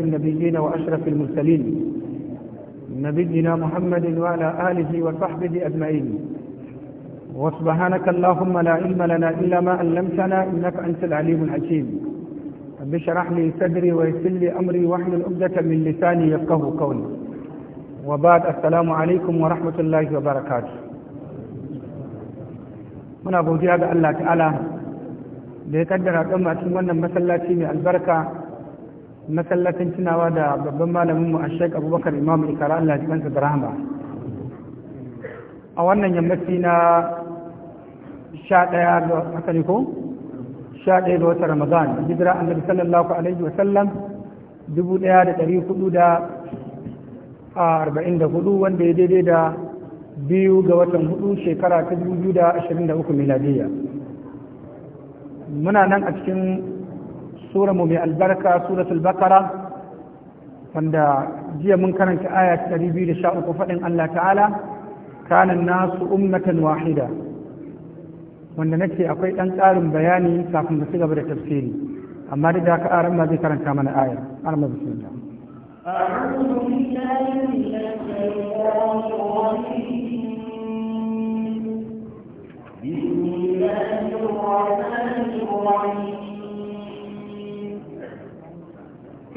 النبيين وأشرف المرسلين نبينا محمد وعلى آله وصحبه أجمعين وسبحانك اللهم لا علم لنا إلا ما علمتنا إنك أنت العليم الحكيم رب اشرح لي صدري ويسر لي أمري واحلل عقدة من لساني يفقهوا قولي وبعد السلام عليكم ورحمة الله وبركاته muna godiya ga Allah ta'ala da ya kaddara ɗan cikin wannan masallaci mai albarka masallacin tunawa da babban malaminmu a shek abubakar imam ikara allah ji kansa da rahama a wannan yammaci na sha ɗaya ga haka ko sha ɗaya ga wata ramadan hijira annabi sallallahu alaihi sallam, dubu ɗaya da ɗari hudu da arba'in da hudu wanda ya daidai da biyu ga watan hudu shekara ta dubu biyu da ashirin da uku miladiyya muna nan a cikin sura mu mai albarka suratul bakara wanda jiya mun karanta aya ta 213 faɗin Allah ta'ala kanan nasu ummatan wahida wanda nake akwai ɗan ƙarin bayani kafin da su gaba da tafsiri amma duk da haka aran ma zai karanta mana ayar har ma bisu da أعوذ بالله من الشيطان الرجيم بسم الله الرحمن الرحيم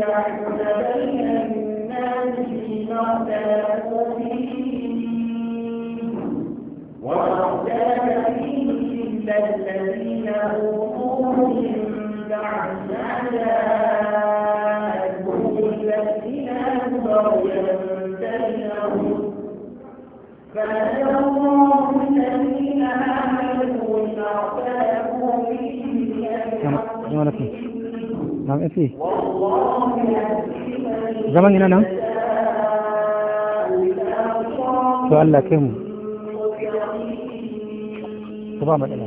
يجعل بين الذين أوتوه من بعد ما جاءتهم البينات بينهم فهدى الله الذين آمنوا إذا اختلفوا فيه an efe zaman ina nan to Allah kai mu ko ba matsala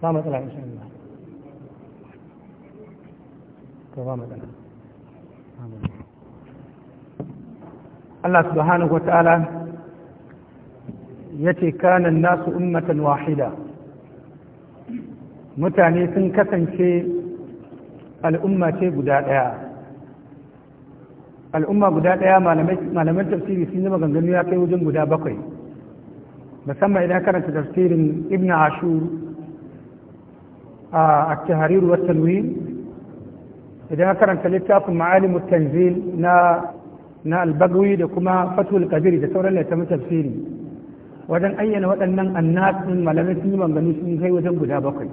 ba matsala insha Allah to ba matsala Allah subhanahu wa ta'ala yace kana an-nasu ummatan wahida mutane sun kasance al'umma ce guda ɗaya al'umma guda ɗaya malamin tafsiri sun yi maganganu ya kai wajen guda bakwai musamman idan karanta tafsirin ibn ashur a at-tahrir wa tanwin idan karanta littafin ma'alim tanzil na na albagawi da kuma fatul kabir da sauran littafin tafsiri wajen ayyana waɗannan annas malaman sun yi maganganu sun kai wajen guda bakwai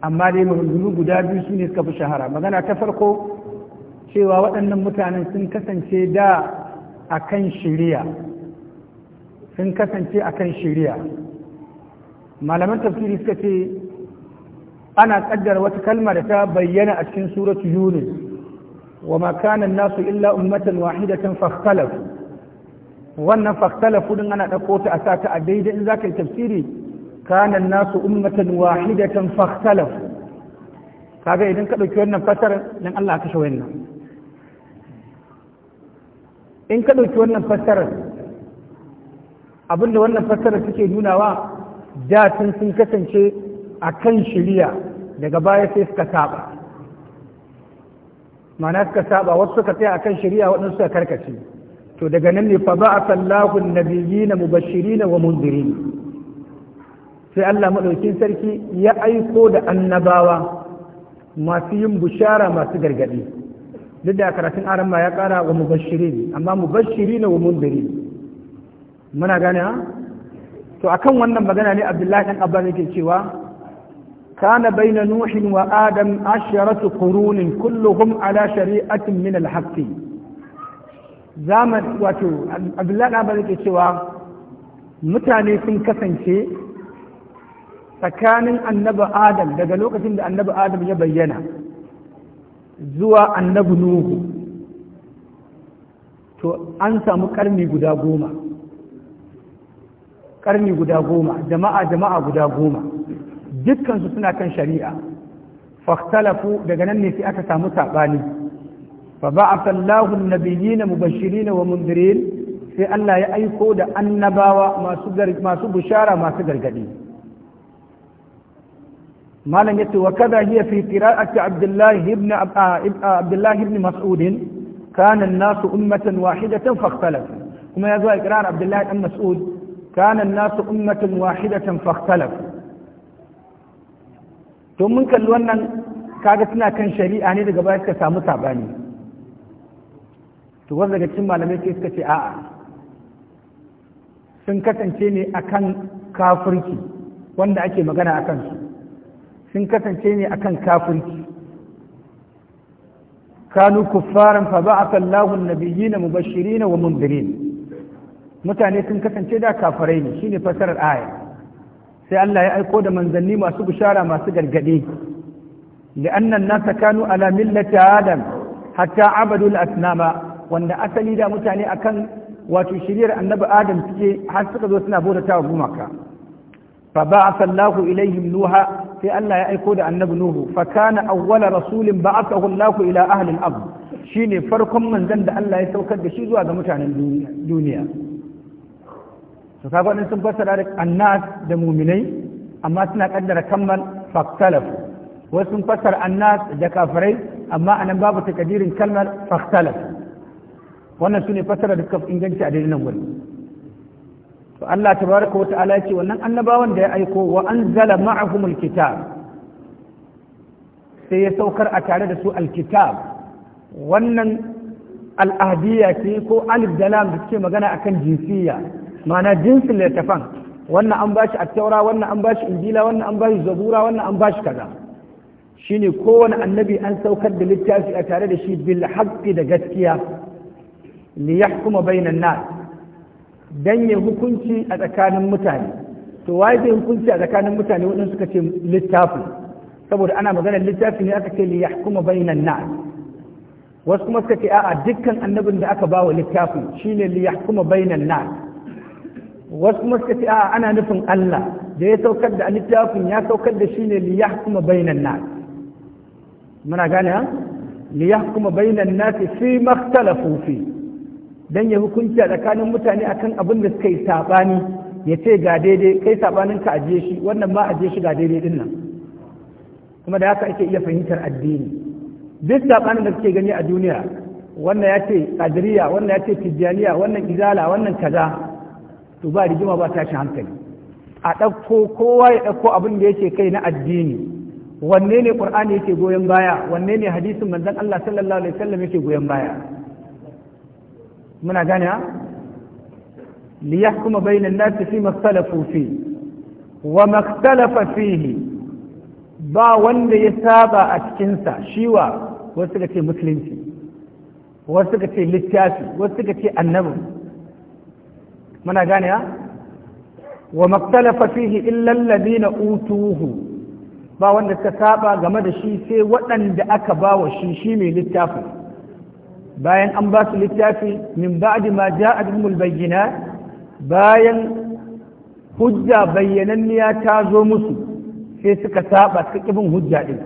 amma dai maganganu guda biyu su ne suka fi shahara magana ta farko cewa waɗannan mutanen sun kasance da a kan shiriya sun kasance a kan malaman tafsiri suka ce ana ƙaddara wata kalma da ta bayyana a cikin suratu yunus wa makanan nasu illa ummatan wahidatan fakhtalafu wannan fakhtalafu din ana ɗauko ta a sata a daidai in za ka yi tafsiri kana nasu ummatan wahidatan fakhtalafu kaga idan ka ɗauki wannan fasar dan Allah ka kashe wannan in ka ɗauki wannan fassarar abinda wannan fassarar suke nunawa da tun sun kasance a kan shirya daga baya sai suka saba ma'ana suka saba wasu suka tsaya a kan shirya waɗansu suka karkace to daga nan ne fa ba a sallahu nabiyyi na mubashiri na wa munziri sai Allah maɗaukin sarki ya aiko da annabawa masu yin bushara masu gargaɗi duk da karatun arama ya ƙara wa mubashirin amma na wa mundiri muna gane ha to akan wannan magana ne abdullahi dan abba yake cewa kana baina nuhin wa adam asharatu qurunin kulluhum ala shari'atin min al-haqqi zaman wato abdullahi dan abba yake cewa mutane sun kasance tsakanin annabi adam daga lokacin da annabi adam ya bayyana zuwa annabi nuhu to an samu karni guda goma karni guda goma jama'a jama'a guda goma dukkansu suna kan shari'a fahtalafu daga nan ne sai aka samu saɓani fa ba sallahu nabiyina mubashirina wa mundirin sai Allah ya aiko da annabawa masu masu bushara masu gargadi malam yace wa kada hiya fi qira'ati abdullahi ibn ah, ah, abdullahi ibn mas'ud kana an-nas ummatan wahidatan fakhtalafu kuma yazo a qira'ar abdullahi ibn mas'ud kana an-nas ummatan wahidatan fakhtalafu to mun kalli wannan kaga suna kan shari'a ne daga baya suka samu sabani to wanda daga cikin malamai sai suka ce a'a sun kasance ne akan kafirci wanda ake magana a kansu sun kasance ne akan kafirci kanu kuffaran fa ba'atha Allahu an-nabiyyin na wa mundirin mutane sun kasance da kafirai ne shine fasarar aya sai Allah ya aiko da manzanni masu bishara masu gargadi لأن الناس كانوا على adam hatta حتى عبدوا الأصنام wanda asali da mutane akan wato shiriyar annabi adam suke har suka zo suna bauta ta gumaka fa ba'atha Allahu ilaihim nuha sai Allah ya aiko da annabi Nuhu fa kana awwala rasulin ba'athahu Allah ila ahli al-ard shine farkon manzon da Allah ya saukar da shi zuwa ga mutanen duniya to kaga wannan sun fassara da annas da mu'minai amma suna kaddara kamman faktalafu wasu sun fassara annas da kafirai amma anan babu takadirin kalmar faktalafu wannan sune fassara da suka inganci a daidai nan to Allah tabaraka wata'ala ya ce wannan annabawan da ya aiko wa anzala ma'ahum alkitab sai ya saukar a tare da su alkitab wannan al'adiyya ce ko alif da lam da suke magana akan jinsiyya, ma'ana jinsin littafan wannan an bashi attaura wannan an bashi injila wannan an bashi zabura wannan an bashi kaza shine kowane annabi an saukar da littafi a tare da shi bil haqqi da gaskiya li yahkuma bainan nas dan ya hukunci a tsakanin mutane to waye zai hukunci a tsakanin mutane waɗanda suka ce littafin? saboda ana maganar littafi ne aka ce li yahkuma bainan nas wasu kuma suka ce a'a dukkan annabin da aka ba wa littafi shine li yahkuma bainan nas wasu kuma suka ce a'a ana nufin Allah da ya saukar da littafin ya saukar da shine li yahkuma bainan nas muna gane ha li yahkuma bainan nas fi makhtalafu fi dan ya hukunci a tsakanin mutane akan abin da suka yi saɓani ya ce ga daidai kai saɓanin ka ajiye shi wannan ba ajiye shi ga daidai din nan kuma da haka ake iya fahimtar addini duk saɓanin da suke gani a duniya wannan ya ce kadiriya wannan ya ce tijjaniya wannan izala wannan kaza to ba rigima ba tashi hankali a ɗauko kowa ya ɗauko abin da yake kai na addini wanne ne qur'ani yake goyon baya wanne ne hadisin manzon Allah sallallahu alaihi wasallam yake goyon baya muna gane a ha liyahkuma bainan nasi fi maktalafu fi wa maktalafa fihi ba wanda ya saba a cikinsa shiwa wasu suka ce musulunci wasu suka ce littafi wasu suka ce annabi muna gane a wa maktalafa fihi illa alladhina utuhu ba wanda suka saba game da shi sai waɗanda aka ba wa shi shi mai littafin bayan an ba su littafi min ba'di ma ja'a bihumul bayyina bayan hujja bayyananniya ta zo musu sai suka saba suka kibin hujja din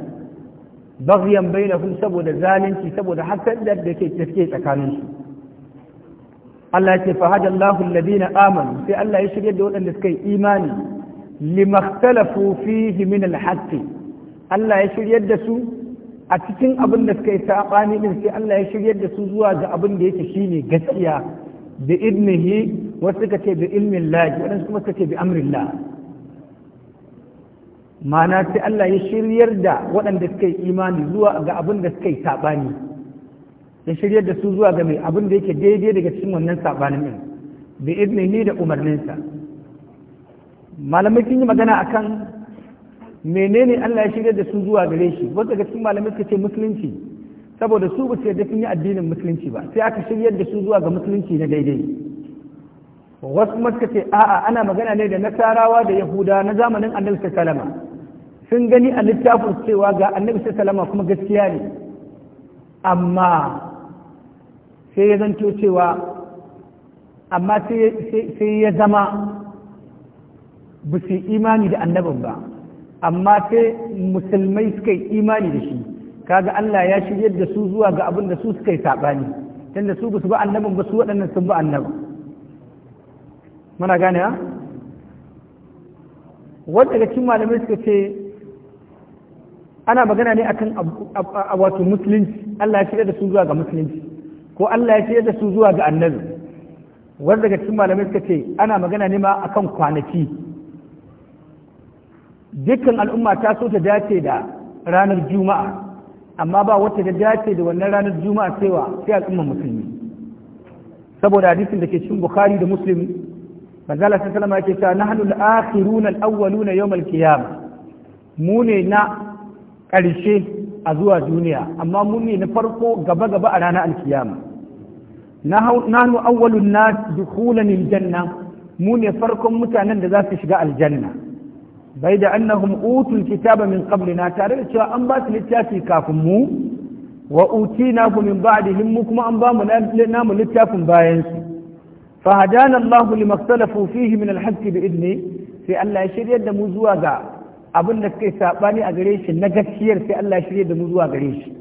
baghyan bainahum saboda zalunci saboda hasadar da ke tafiye tsakanin su Allah ce fa hada Allahu alladhina amanu sai Allah ya shirye da waɗanda suka yi imani limakhtalafu fihi min alhaqqi Allah ya shiryar da su a cikin abin da suka yi saɓani din sai Allah ya shiryar da su zuwa ga abin da yake shine gaskiya da idnihi wasu suka ce da ilmin laji waɗansu kuma suka ce amrin la, ma'ana sai Allah ya shiryar da waɗanda suka yi imani zuwa ga abin da suka yi saɓani ya shiryar da su zuwa ga mai abin da yake daidai daga cikin wannan saɓanin din da idnihi da umarninsa malamai sun yi magana akan menene Allah ya shirya da su zuwa gare shi wasu daga cikin malamai suka ce musulunci saboda su ba su yarda sun yi addinin musulunci ba sai aka shiryar da su zuwa ga musulunci na daidai wasu kuma suka ce a'a ana magana ne da nasarawa da yahuda na zamanin annabi sallama sun gani a littafin cewa ga annabi sallama kuma gaskiya ne amma sai ya zanto cewa amma sai ya zama ba su imani da annabin ba amma sai musulmai suka yi imani da shi kaga Allah ya shiryar da su zuwa ga abin da su suka yi saɓani tunda su basu ba annabin ba su waɗannan sun ba annabi muna gane ha wanda daga cikin malamai suka ce ana magana ne akan wato musulunci Allah ya shirya da su zuwa ga musulunci ko Allah ya shirya da su zuwa ga annabi wanda daga cikin malamai suka ce ana magana ne ma akan kwanaki dukkan al'umma ta so ta dace da ranar juma'a amma ba wata ta dace da wannan ranar juma'a cewa sai al'umma musulmi saboda hadisin da ke cikin bukhari da muslim manzala sai salama yake cewa nahnu al-akhiruna al-awwaluna yawm al-qiyamah mu ne na ƙarshe a zuwa duniya amma mu ne na farko gaba gaba a ranar alkiyama nahnu awwalun nas dukhulan Janna, mu ne farkon mutanen da za su shiga aljanna bai da annahum utul kitaba min qablina tare da cewa an ba su littafi kafin mu wa utina hu min ba'dihim mu kuma an ba mu namu littafin bayan su fa hadana Allah limaktalafu fihi min al bi idni sai Allah ya shirya da mu zuwa ga abin da suka sabani a gare shi na gaskiyar sai Allah ya shirya da mu zuwa gare shi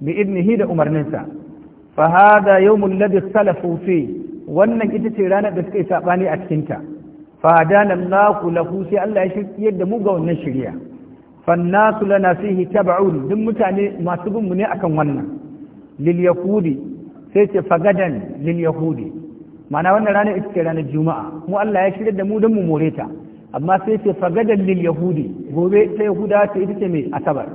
bi idnihi da umarninsa fa hada yawmul ladhi ikhtalafu fihi wannan ita ce ranar da suka yi sabani a cikinta fadanan naku lahu sai Allah ya shiryar da mu ga wannan shirya fannasu lana fihi tab'un duk mutane masu bin mu ne akan wannan lil yahudi sai ce fagadan lil yahudi ma'ana wannan rana ita ce ranar juma'a mu Allah ya shirya da mu don mu more ta amma sai ce fagadan lil yahudi gobe ta yahuda ta ita ce mai asabar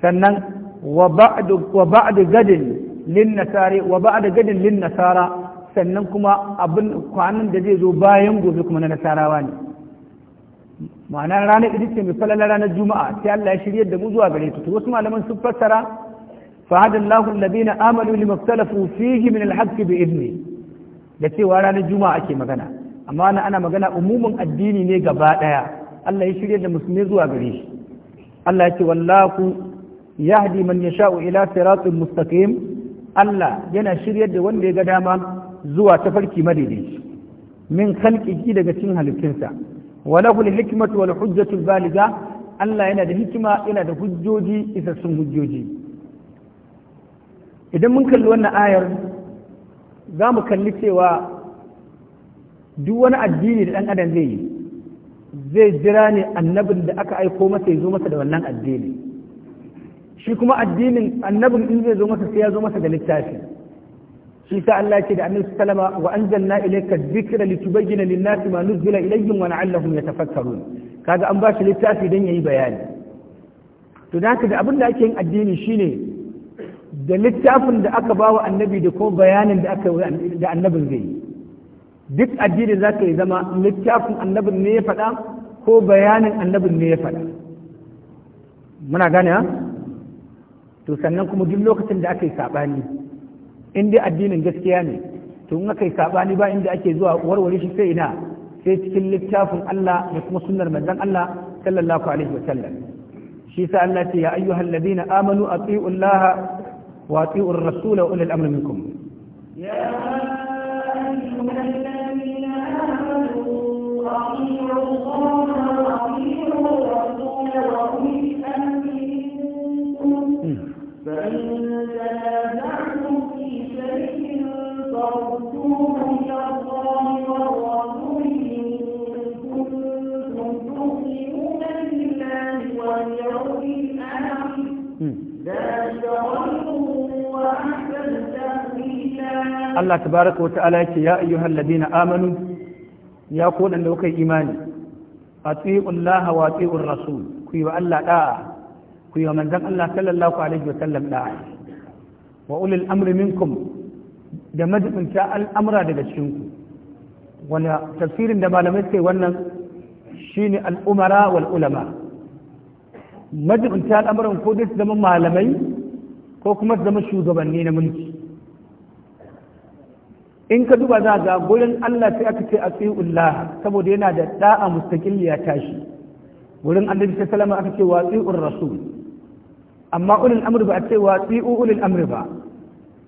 sannan wa ba'du wa ba'du gadin lin nasara wa ba'du gadin lin nasara sannan kuma abin kwanan da zai zo bayan gobe kuma na nasarawa ne ma'ana ranar ita ce mai falala ranar juma'a sai Allah ya shirya da mu zuwa gare ta wasu malaman sun fassara fa hadallahu alladhina Amalu limaftalafu fihi min alhaqq bi idni da cewa ranar juma'a ake magana amma ana magana umumin addini ne gaba daya Allah ya shirya da musulmi zuwa gare shi Allah ya ce wallahu yahdi man yasha'u ila siratin mustaqim Allah yana shiryar da wanda ya ga dama zuwa tafarki daidai, min khalqihi daga cikin halittunsa wa lahu al-hikmatu wal hujjatu baligha Allah yana da hikima yana da hujjoji isassun hujjoji idan mun kalli wannan ayar za mu kalli cewa duk wani addini da dan adam zai yi zai jira ne annabin da aka aiko masa ya zo masa da wannan addini shi kuma addinin annabin in zai zo masa sai ya zo masa da littafi shi ta Allah ce da annabi sallama wa anzalna ilayka dhikra litubayyana lin-nasi ma nuzila ilayhim wa la'allahum yatafakkarun kaga an bashi littafi dan yayi bayani to da haka da abin da ake yin addini shine da littafin da aka bawa annabi da kuma bayanin da aka da annabin zai yi duk addini za ka yi zama littafin annabin ne ya faɗa ko bayanin annabin ne ya faɗa muna gane ha to sannan kuma duk lokacin da aka yi saɓani in dai addinin gaskiya ne to in kai yi sabani ba inda ake zuwa warware shi sai ina sai cikin littafin Allah da kuma sunnar manzon Allah sallallahu alaihi wa sallam shi sa Allah ce ya ayyuhal ladina amanu atiiu Allah wa atiiu ar-rasul wa ulil amri minkum ya ayyuhal ladina amanu atiiu Allah wa atiiu ar-rasul wa ulil amri minkum Allah tabaraka wa ta'ala yake ya ayyuhal ladina amanu ya ku da kuka imani atiiu Allah wa atiiu rasul ku yi wa Allah da'a ku yi wa manzon Allah sallallahu alaihi wa sallam da'a wa ulil amri minkum da ta al'amura daga cikin ku wani tafsirin da malamai sai wannan shine al-umara wal ulama majibinta al'amuran ko dai su zama malamai ko kuma su zama shugabanni na mulki in ka duba za ga gurin Allah sai aka ce a asiullah saboda yana da da'a mustaqilli ya tashi gurin annabi sallallahu salama aka ce wa wasi'ur rasul amma ulul amr ba a ce wa wasi'u ulul amr ba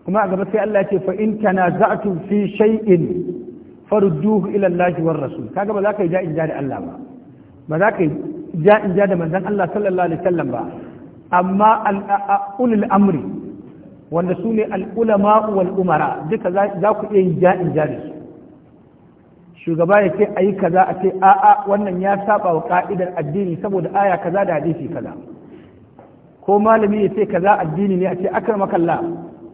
kuma a gaba sai Allah ya ce fa in tanaza'tu fi shay'in farudduhu ila Allah war rasul kaga ba za ka yi ja'in da Allah ba ba za ka yi ja in ja da manzan Allah sallallahu alaihi wasallam ba amma ulul amri wanda su ne al'ulama wal umara duka za ku iya yin ja in ja da su shugaba ya ce a yi kaza a ce a'a wannan ya saba wa ka'idar addini saboda aya kaza da hadisi kaza ko malami ya ce kaza addini ne a ce akramakallah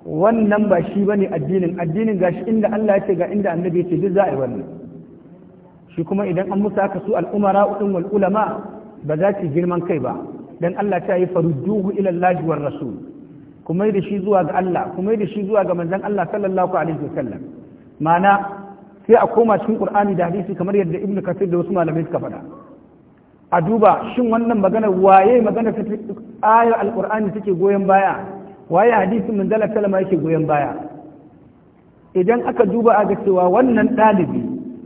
wannan ba shi bane addinin addinin gashi inda Allah ya ce ga inda annabi ya ce duk za a yi wannan shi kuma idan an musa haka su al'umara udin wal ulama ba za ki girman kai ba dan Allah ta yi farudduhu ila Allah war rasul kuma da shi zuwa ga Allah kuma da shi zuwa ga manzon Allah sallallahu alaihi wasallam ma'ana sai a koma cikin Qur'ani da hadisi kamar yadda Ibn Kathir da wasu malamai suka faɗa a duba shin wannan magana waye magana ta ayar alqur'ani take goyen baya waye hadisin manzala Allah yake goyen baya idan aka duba a ga cewa wannan ɗalibi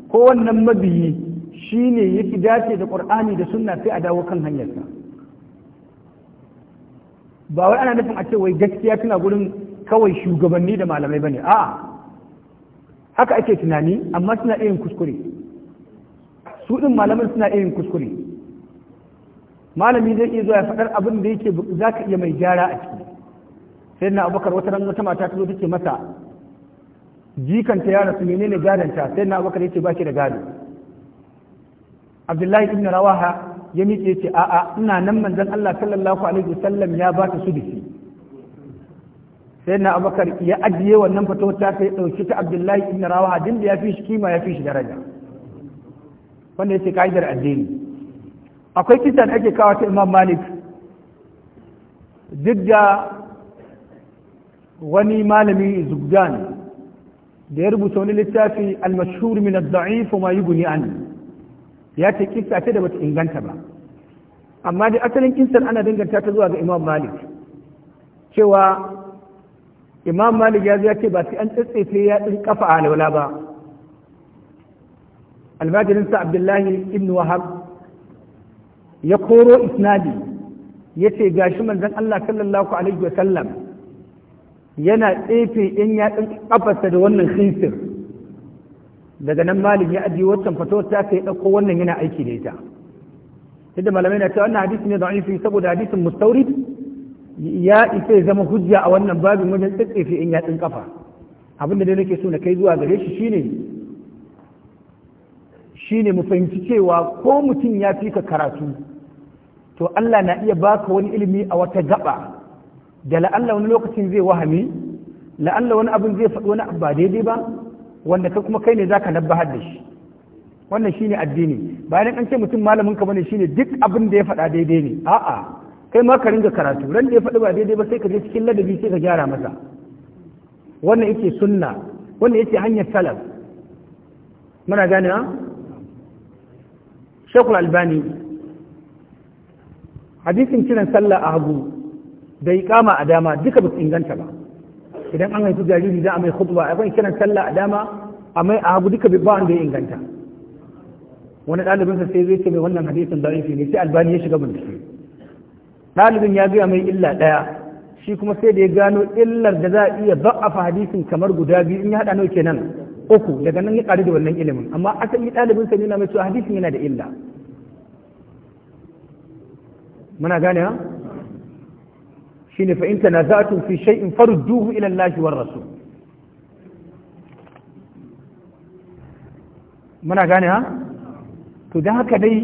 ko wannan mabiyi shi ne ya fi dace da ƙur'ani da suna sai a dawo kan hanyarsa ba wai ana nufin a ce wai gaskiya tana gurin kawai shugabanni da malamai ba ne a'a haka ake tunani amma suna iya yin kuskure su ɗin malamin suna iya yin kuskure malami zai iya zuwa ya faɗar abin da yake za ka iya mai gyara a ciki sai na abokan wata ran wata mata ta zo take masa jikanta ya rasu menene gadanta sai na abubakar yake ba shi da gado abdullahi ibn rawaha ya miƙe ce a'a ina nan manzon Allah sallallahu alaihi wasallam ya ba ta sudisi sai na abakar ya ajiye wannan fito ta sai ɗauki ta abdullahi ibn rawaha din da ya fi shi kima ya fi shi daraja wanda ya ce ka'idar addini akwai kisa da ake kawo ta imam malik duk da wani malami zubdan da ya rubuta wani littafi al-mashhur min ad-da'if ma anhu ya ce kissa ce da bata inganta ba amma dai asalin kissar ana danganta ta zuwa ga imam malik cewa imam malik ya zo ya ce ba sai an tsatsefe ya din kafa a alwala ba almajirinsa abdullahi ibn wahab ya koro isnadi ya ce gashi manzon allah sallallahu alaihi wa sallam yana tsefe in ya ɗin kafarsa da wannan khinsir daga nan malami ya ajiye wancan Fato ta sai ɗauko wannan yana aiki da ita yadda malamai na cewa wannan hadisi ne da'ifi saboda hadisin mustaurid ya isa ya zama hujja a wannan babin wajen tsitsefe in yatsun kafa abinda da nake so na kai zuwa gare shi shine shine mu fahimci cewa ko mutum ya fi ka karatu to Allah na iya baka wani ilimi a wata gaba da la'alla wani lokacin zai wahami la'alla wani abin zai faɗi wani abu ba daidai ba wanda ka kuma kai ne zaka nabbahar da shi wannan shine addini bayan an ce mutum malamin ka bane shine duk abin da ya faɗa daidai ne a'a kai ma ka ringa karatu ran da ya faɗi ba daidai ba sai ka je cikin ladabi sai ka gyara masa wannan yake sunna wannan yake hanyar salaf muna gane ha shekul albani hadisin kiran sallah a hagu da iqama a dama duka ba su inganta ba idan an haifi jariri za a mai khutba akwai kiran sallah a dama a mai a hagu duka ba wanda ya inganta wani ɗalibinsa sai zai ce mai wannan hadisin da'ifi ne sai albani ya shiga bincike ɗalibin ya gaya mai illa ɗaya shi kuma sai da ya gano illar da za a iya ba'afa hadisin kamar guda biyu in ya haɗa nau kenan uku daga nan ya ƙari da wannan ilimin amma asali ɗalibinsa na mai cewa hadisin yana da illa muna gane ha shine fa in tanaza'tum fi shay'in farudduhu ila Allahi war rasul muna gane ha to dan haka dai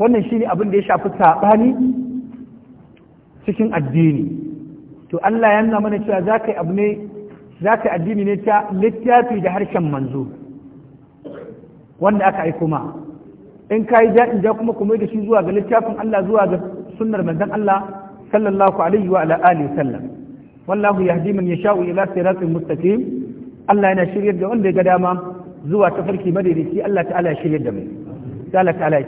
wannan shine abin da ya shafi sabani cikin addini to Allah ya nuna mana cewa za ka abu ne za ka addini ne ta littafi da harshen manzo wanda aka aiko ma in ka yi in ja kuma kuma da shi zuwa ga littafin Allah zuwa ga sunnar manzon Allah sallallahu alaihi wa ala alihi sallam wallahu yahdi man yasha'u ila siratin mustaqim Allah yana shiryar da wanda ya ga dama zuwa tafarki madaidaici Allah ta'ala ya shiryar da mu Allah ta'ala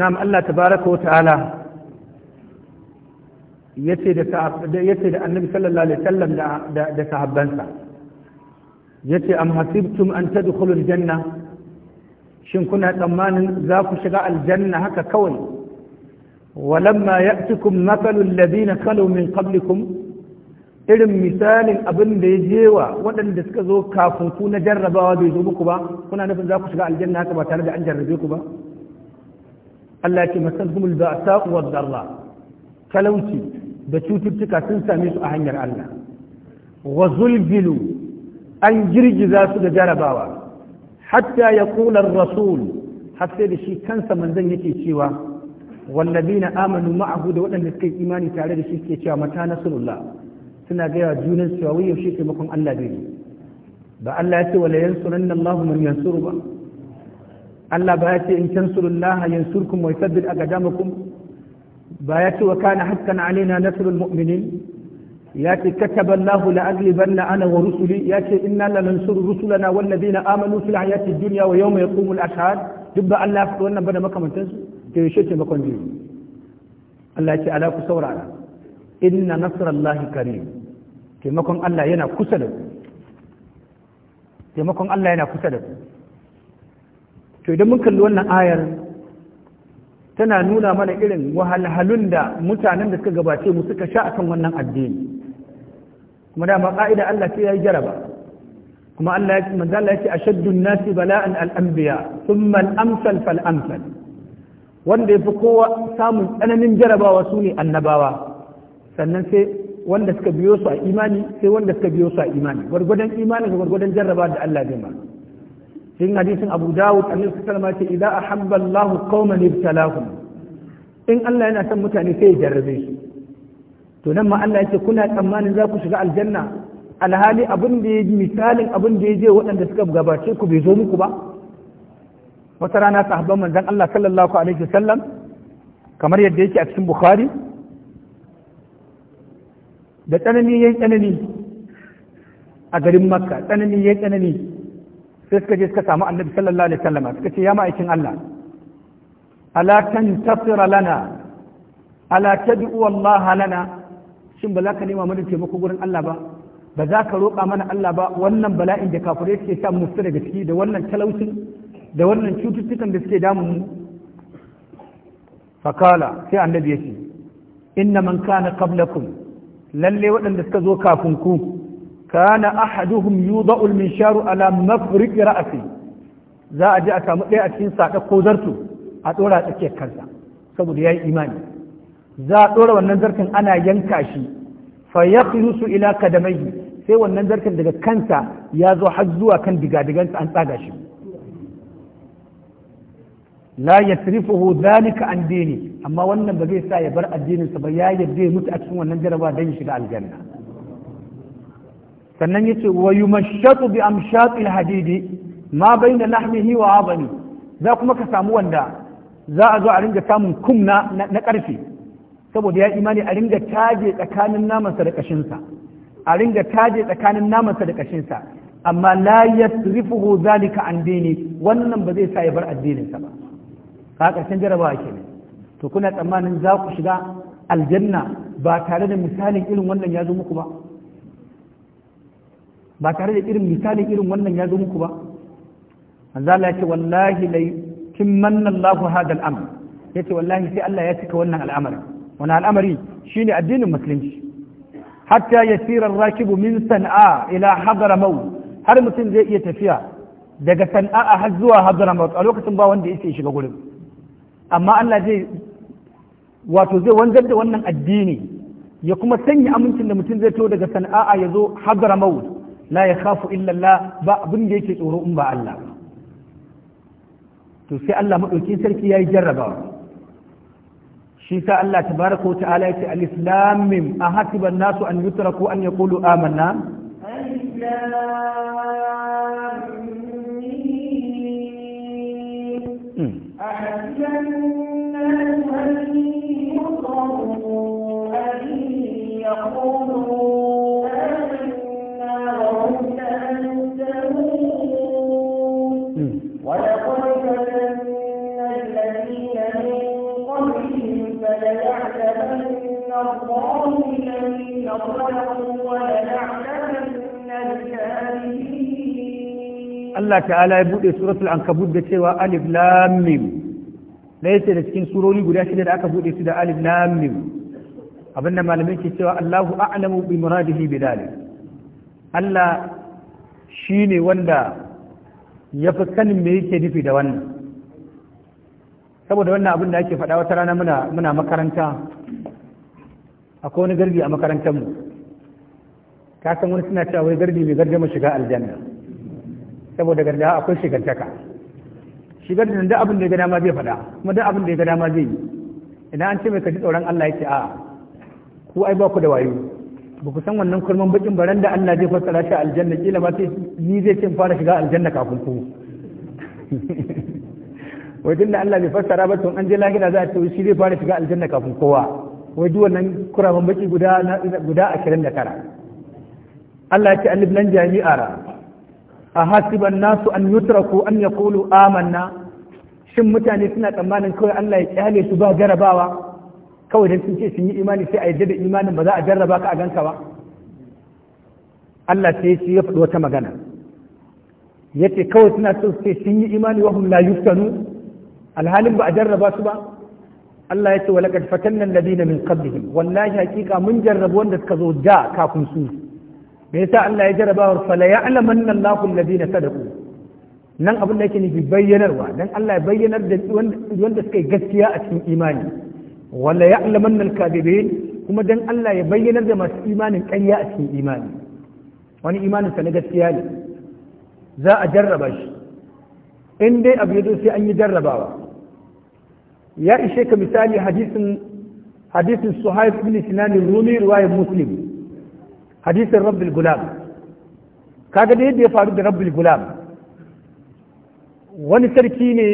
nam Allah ta baraka ta'ala yace yace da annabi sallallahu alaihi wasallam da sahabbansa yace am hasibtum an tadkhulul janna shin kuna tsammanin za ku shiga aljanna haka kawai walamma ya'tikum mathalul ladina Kano min qablikum irin misalin abin da ya wa waɗanda suka zo kafin ku na jarrabawa bai zo muku ba kuna nufin za ku shiga aljanna haka ba tare da an jarrabe ku ba Allah ce masallumul ba'sa wa dharra talauci da cututtuka sun same su a hanyar Allah wa zulzilu an girgiza su da jarabawa hatta ya ar-rasul har da shi kansa manzon yake cewa wallazina amanu ma'ahu da waɗanda suka yi imani tare da shi ke cewa mata nasrullah suna gaya junan cewa wai yaushe taimakon Allah bai ba Allah ya ce wala yansuranna Allahu man yansuru ba Allah ba ya ce in tansurullaha yansurkum wa yuthabbit aqdamakum ba ya ce wa kana hakkan alaina nasrul mu'minin ya ce kataba Allahu la aglibanna ana wa rusuli ya ce inna la nansuru rusulana wal na amanu fil hayati dunya wa yawma yaqumul ashhad duk ba Allah ya faɗi wannan ba da makamantansu to yaushe ce makon biyu Allah ya ce ala ku saurara inna nasrallahi karim taimakon Allah yana kusa da ku taimakon Allah yana kusa da ku to idan mun kalli wannan ayar tana nuna mana irin wahalhalun da mutanen da suka gabace mu suka sha akan wannan addini kuma da ka'ida Allah sai ya yi jaraba kuma Allah ya ce, manzo Allah ya ce ashaddun nasi bala'an al-anbiya thumma al-amsal fal amsal wanda yafi kowa samun tsananin jarabawa su ne annabawa sannan sai wanda suka biyo su a imani sai wanda suka biyo su a imani gwargwadon imani ga gwargwadon jarraba da Allah zai mana cikin hadisin abu dawud annabi sallallahu alaihi wasallam ce a ahabba Allahu qauman in Allah yana son mutane sai ya jarrabe su to nan ma Allah yake kuna tsammanin za ku shiga aljanna alhali abin da ya misalin abin da ya je waɗanda suka gabace ku bai zo muku ba wata rana sahabban manzon Allah sallallahu alaihi wasallam kamar yadda yake a cikin bukhari da tsanani yayin tsanani a garin makka tsanani yayin tsanani sai suka je suka samu annabi sallallahu alaihi wasallam suka ce ya ma'aikin Allah ala tantasir lana ala tad'u Allah lana shin ba za ka nema mana taimako gurin Allah ba ba za ka roƙa mana Allah ba wannan bala'in da kafirai suke sa mu daga ciki da wannan talaucin da wannan cututtukan da suke damun mu fakala sai annabi ya ce inna man kana qablakum lalle waɗanda suka zo kafin ku kana ahaduhum yudau al-minsharu ala mafriq ra'si za a je a samu ɗaya a cikin saka ko zarto a dora tsakiyar kansa saboda yi imani za a ɗora wannan zarkan ana yanka shi fa su ila kadamaihi sai wannan zarkan daga kansa ya zo har zuwa kan digadigansa an tsaga shi la yatrifuhu dhalika an dini amma wannan ba zai sa ya bar addininsa ba ya yadda mutu a cikin wannan jaraba dan shiga aljanna sannan yace wa yumashshatu bi amshatil hadidi ma baina lahmihi wa abani za kuma ka samu wanda za a zo a ringa samun kumna na karfe saboda ya imani a ringa taje tsakanin namansa da kashinsa a ringa taje tsakanin namansa da kashinsa amma la yasrifuhu zalika an dini wannan ba zai sa ya bar addininsa ba ka karshen jarabawa kenan to kuna tsammanin za ku shiga aljanna ba tare da misalin irin wannan ya zo muku ba ba tare da irin misali irin wannan ya zo muku ba manzala ya ce wallahi lai timmanna Allahu hadal amr yace wallahi sai Allah ya cika wannan al'amari wannan al'amari shine addinin musulunci hatta yasira ar-rakibu min san'a ila hadramaut har mutum zai iya tafiya daga san'a har zuwa hadramaut a lokacin ba wanda yake shiga gurin amma Allah zai wato zai wanzar da wannan addini ya kuma sanya amincin da mutum zai to daga san'a ya zo hadramaut la ya kafu illallah ba abin da yake tsoro in ba Allah to sai Allah maɗaukin sarki ya yi jarrabawa shi sa Allah tabaraka wa ta'ala ya ce al-islam mim a hasiban nasu an yutraku an yaqulu amanna al-islam Allah ta'ala ya buɗe suratul ankabut da cewa alif lam mim laysa da cikin surori guda shida da aka buɗe su da alif lam mim abinda malamai ke cewa Allahu a'lamu bi muradihi bi Allah shine wanda ya fi sanin me yake nufi da wannan saboda wannan abin da ake faɗa wata rana muna muna makaranta akwai wani garbi a makarantar mu ka san wani suna cewa wai garbi mai garje mu shiga aljanna saboda garda akwai shigantaka shigar da duk abin da ya ga dama zai faɗa kuma duk abin da ya ga dama zai yi idan an ce mai kaji tsoron Allah yake a ku ai ba ku da wayo ba ku san wannan kurman bakin baran da Allah zai fassara shi aljanna kila ma sai ni zai ce fara shiga aljanna kafin ku wai tunda Allah bai fassara ba tun an je lahira za a ce shi zai fara shiga aljanna kafin kowa wai duk wannan kuraman baki guda guda 29 Allah ya ce annabi nan jami'ara a hasiban nasu an yutraku an yaqulu amanna shin mutane suna tsammanin kawai Allah ya kyale su ba jarabawa kawai dan sun ce sun yi imani sai a yarda da imanin ba za a jarraba ka a ganka ba Allah sai ya faɗi wata magana yace kawai suna so sai sun yi imani wa hum alhalin ba a jarraba su ba Allah ya ce hakika mun jarrabu wanda suka zo da kafin me yasa Allah ya jarabawar fala ya'lamanna Allahu alladhina sadaqu nan abin da yake nufi bayyanarwa dan Allah ya bayyanar da wanda suka yi gaskiya a cikin imani wala ya'lamanna al-kadhibin kuma dan Allah ya bayyanar da masu imanin ƙarya a cikin imani wani imanin sa na gaskiya ne za a jarraba shi in dai abu yazo sai an yi jarrabawa ya ishe ka misali hadisin hadisin Suhaib ibn sinanin rumi riwayar Muslim hadisin rabbil gulam kaga da yadda ya faru da rabbil gulam wani sarki ne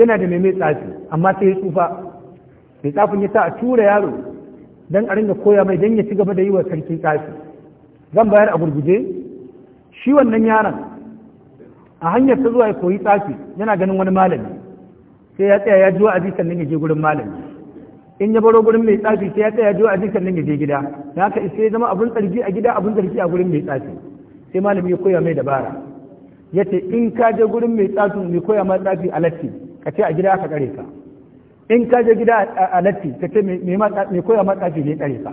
yana da mai tsafi amma sai ya tsufa mai tsafin ya sa a tura yaro don a ringa koya mai don ya ci gaba da yi wa sarki tsafi zan bayar a gurguje shi wannan yaron a hanyar ta zuwa ya koyi tsafi yana ganin wani malami sai ya tsaya ya ji wa'azi sannan ya je gurin malami in ya baro gurin mai tsafi sai ya tsaya jiwa a jikin nan ya je gida da haka sai ya zama abun tsarki a gida abun tsarki a gurin mai tsafi sai malami ya koya mai dabara ya ce in ka je gurin mai tsafi mai koya mai tsafi a latti ka ce a gida aka kare ka in ka je gida a latti ka ce mai koya mai tsafi ne kare ka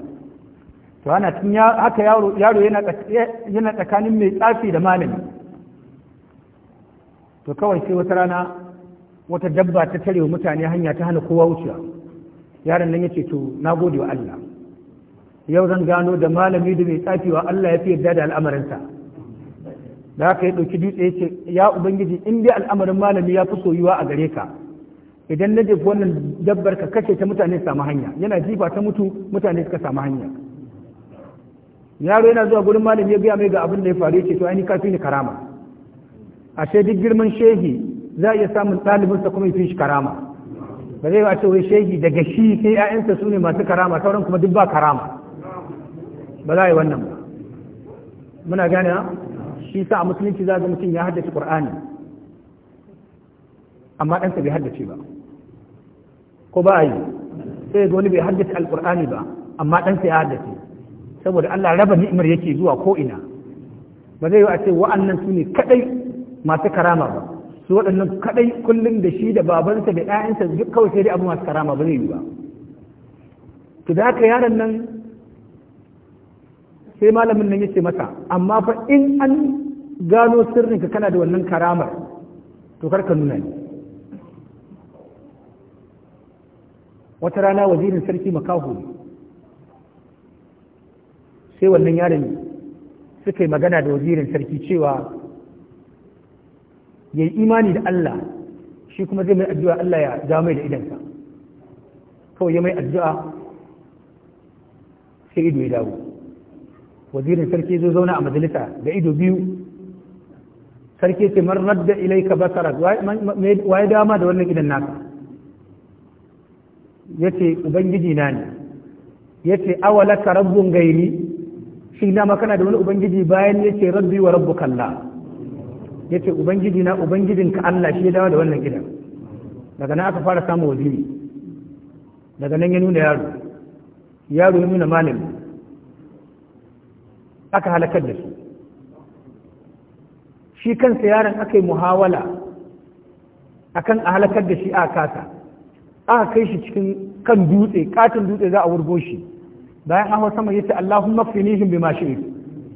to ana tun haka yaro yaro yana tsakanin mai tsafi da malami to kawai sai wata rana wata dabba ta tare mutane hanya ta hana kowa wucewa yaron nan ya ce to na gode wa Allah yau zan gano da malami da mai wa Allah ya fi yarda da al'amarinsa da haka ya ɗauki dutse ya ya ubangiji in dai al'amarin malami ya fi soyuwa a gare ka idan na je wannan dabbar ka kashe ta mutane su samu hanya yana jifa ta mutu mutane suka samu hanya yaro yana zuwa gurin malami ya gaya mai ga abin da ya faru ya ce to ni kafi ni karama ashe duk girman shehi za a iya samun ɗalibinsa kuma ya fi shi karama ba zai wace wai shehi daga shi sai ƴaƴansa su ne masu karama sauran kuma duk ba karama ba za a yi wannan ba muna gane shi sa a musulunci za ga mutum ya haddace qur'ani amma ɗansa bai haddace ba ko ba a yi sai ga wani bai haddace alqur'ani ba amma ɗansa ya haddace saboda Allah raba ni'imar yake zuwa ko ina ba zai yi a ce wa'annan su ne kadai masu karama ba su waɗannan kaɗai kullum da shi da babansa da ɗayansa duk kawai sai dai abu masu karama ba zai yi ba to da haka yaron nan sai malamin nan ya ce masa amma fa in an gano sirrin ka kana da wannan karamar to kar ka nuna ni wata rana wazirin sarki makaho ne sai wannan yaron suka yi magana da wazirin sarki cewa ya yi imani da Allah shi kuma zai mai addu'a Allah ya zama mai da idansa kawai ya mai addu'a sai ido ya dawo wazirin sarki zo zauna a majalisa ga ido biyu sarki ce man ilai ilaika basara wa ya dama da wannan idan naka ce ubangiji na ne Ya ce awalaka rabbun gairi shi na makana da wani ubangiji bayan ya ce rabbi wa rabbuka kalla? ya ce ubangiji na ubangijinka Allah shi ya dawo da wannan gidan daga nan aka fara samun waziri daga nan ya nuna yaro yaro ya nuna malami aka halakar da su shi kansa yaron aka yi muhawala akan a halakar da shi a kasa aka kai shi cikin kan dutse katin dutse za a wurgo shi bayan an hau sama yace Allahumma nihin bima shi'it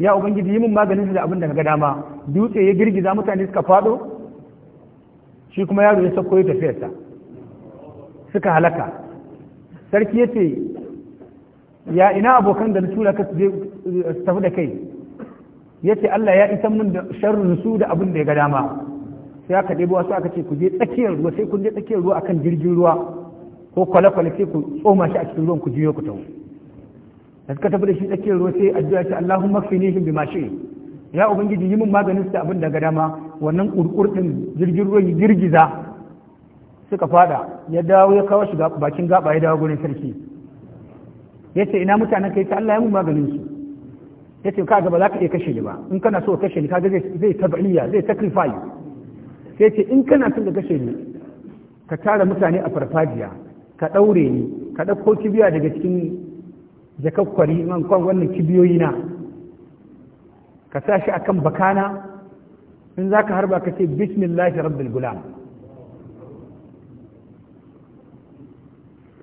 ya ubangiji yi min maganin da abin da ka ga dama dutse ya girgiza mutane suka fado shi kuma yaro ya sako ya tafiyarsa suka halaka sarki ya ce ya ina abokan da na tura ka su tafi da kai ya ce Allah ya isan mun da sharrin su da abin da ya ga dama sai aka ɗebo wasu aka ce ku je tsakiyar ruwa sai kun je tsakiyar ruwa akan jirgin ruwa ko kwale-kwale sai ku tsoma shi a cikin ruwan ku jiyo ku tawo da suka tafi da shi tsakiyar ruwa sai addu'a ce Allahumma bi bima shi'a ya ubangiji yi min maganin su abin daga dama wannan kurkur din jirgin ruwan girgiza suka fada ya dawo ya kawo shiga bakin gaba ya dawo gurin sarki ya ce ina mutanen kai ta Allah ya mun maganin su ya ce kaga ba za ka iya kashe ni ba in kana so kashe ni kaga zai tabaliya zai sacrifice sai ce in kana son ka kashe ni ka tara mutane a farfajiya ka daure ni ka dauko kibiya daga cikin jakakkwari man kwan wannan kibiyoyi na ka sa shi akan bakana in za ka harba ka ce bismillahi rabbil gulam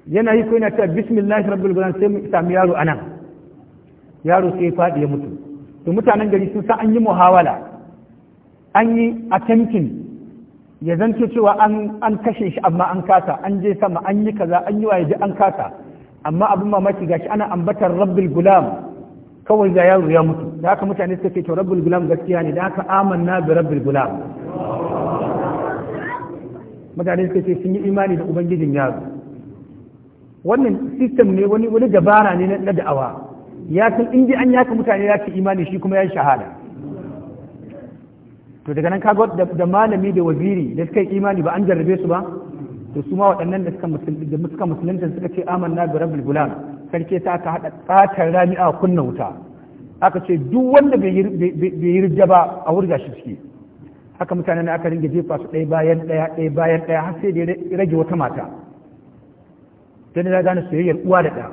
yana yi ko yana cewa bismillahi rabbil gulam sai mu sami yaro anan yaro sai faɗi ya mutu to mutanen gari sun san an yi muhawala an yi attempting ya zanto cewa an kashe shi amma an kasa an je sama an yi kaza an yi waje an kasa amma abin mamaki gashi ana ambatar rabbil gulam kawai ga yaro ya mutu da haka mutane suka ce to rabbul gulam gaskiya ne da haka amanna bi rabbul gulam mutane suka ce sun yi imani da ubangijin yaro wannan system ne wani wani dabara ne na da'awa ya san in ji an yaka mutane ya ce imani shi kuma ya shahada to daga nan kaga da malami da waziri da suka yi imani ba an jarrabe su ba to su ma waɗannan da suka musulunta suka ce amanna bi rabbul gulam sarki ta ka haɗa tsatar rami'a kunna wuta aka ce duk wanda bai yi ba a wurga shi ciki haka mutane na aka ringa jefa su ɗaya bayan ɗaya ɗaya bayan ɗaya har sai da rage wata mata ta da gane soyayyar uwa da ɗa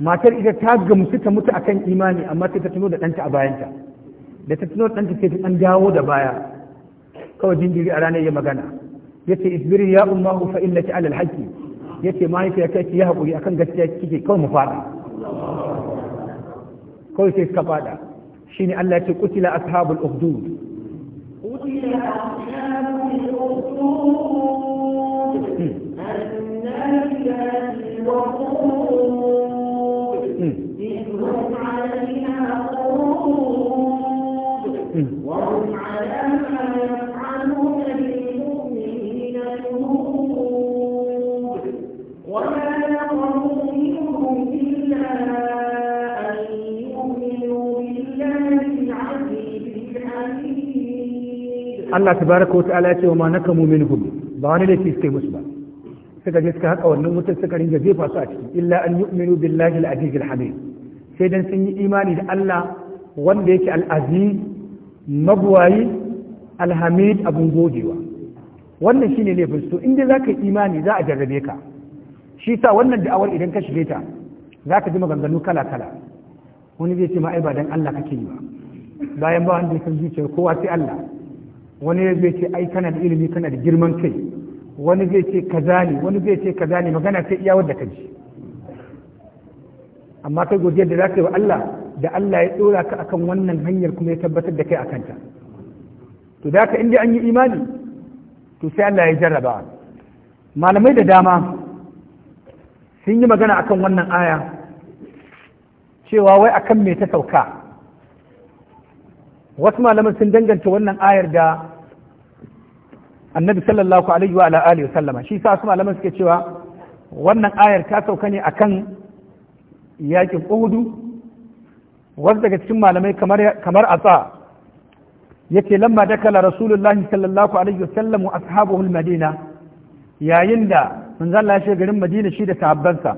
matar ita ta gamsu ta mutu akan imani amma sai ta tuno da ɗanta a bayanta da ta tuno da ɗanta sai ta ɗan dawo da baya kawai jinjiri a ranar ya magana ya ce isbiri ya umma fa innaki alal haƙƙi ya ce ta ki yi haƙuri akan gaskiya kike kawai mu faɗa kawai sai suka fada shine Allah ya ce kutila ashabul ukhdud kutila ashabul ukhdud annati وهم عليها Allah tabaraka wa ta'ala ala ce wa ma nakamu minhum ba wani da suka yi musu ba suka je suka haka wannan mutum suka ringa jefa su a ciki illa an yu'minu billahi al-aziz al-hamid sai dan sun yi imani da Allah wanda yake al-aziz mabwayi al-hamid abun godewa wannan shine laifin su inda zaka yi imani za a jarrabe ka shi sa wannan da'awar idan ka shige ta zaka ji maganganu kala kala wani zai ce ma ai ba dan Allah kake yi ba bayan ba wanda ya san zuciyar kowa sai Allah wani zai ce ai kana da ilimi kana da girman kai wani zai ce kaza ne wani zai ce kaza ne magana sai iya wadda ka ji amma kai godiyar da za ka yi wa Allah da Allah ya dora ka akan wannan hanyar kuma ya tabbatar da kai a kanta to da ka inda an yi imani to sai Allah ya jarraba malamai da dama sun yi magana akan wannan aya cewa wai akan me ta sauka wasu malaman sun danganta wannan ayar da annabi sallallahu alaihi wa alihi sallama shi sa su malaman suke cewa wannan ayar ta sauka ne akan yakin uhudu wasu daga cikin malamai kamar atsa yace lamma dakala rasulullahi sallallahu alaihi wa sallam ashabuhu madina yayin da manzo Allah ya shiga garin Madina shi da sahabbansa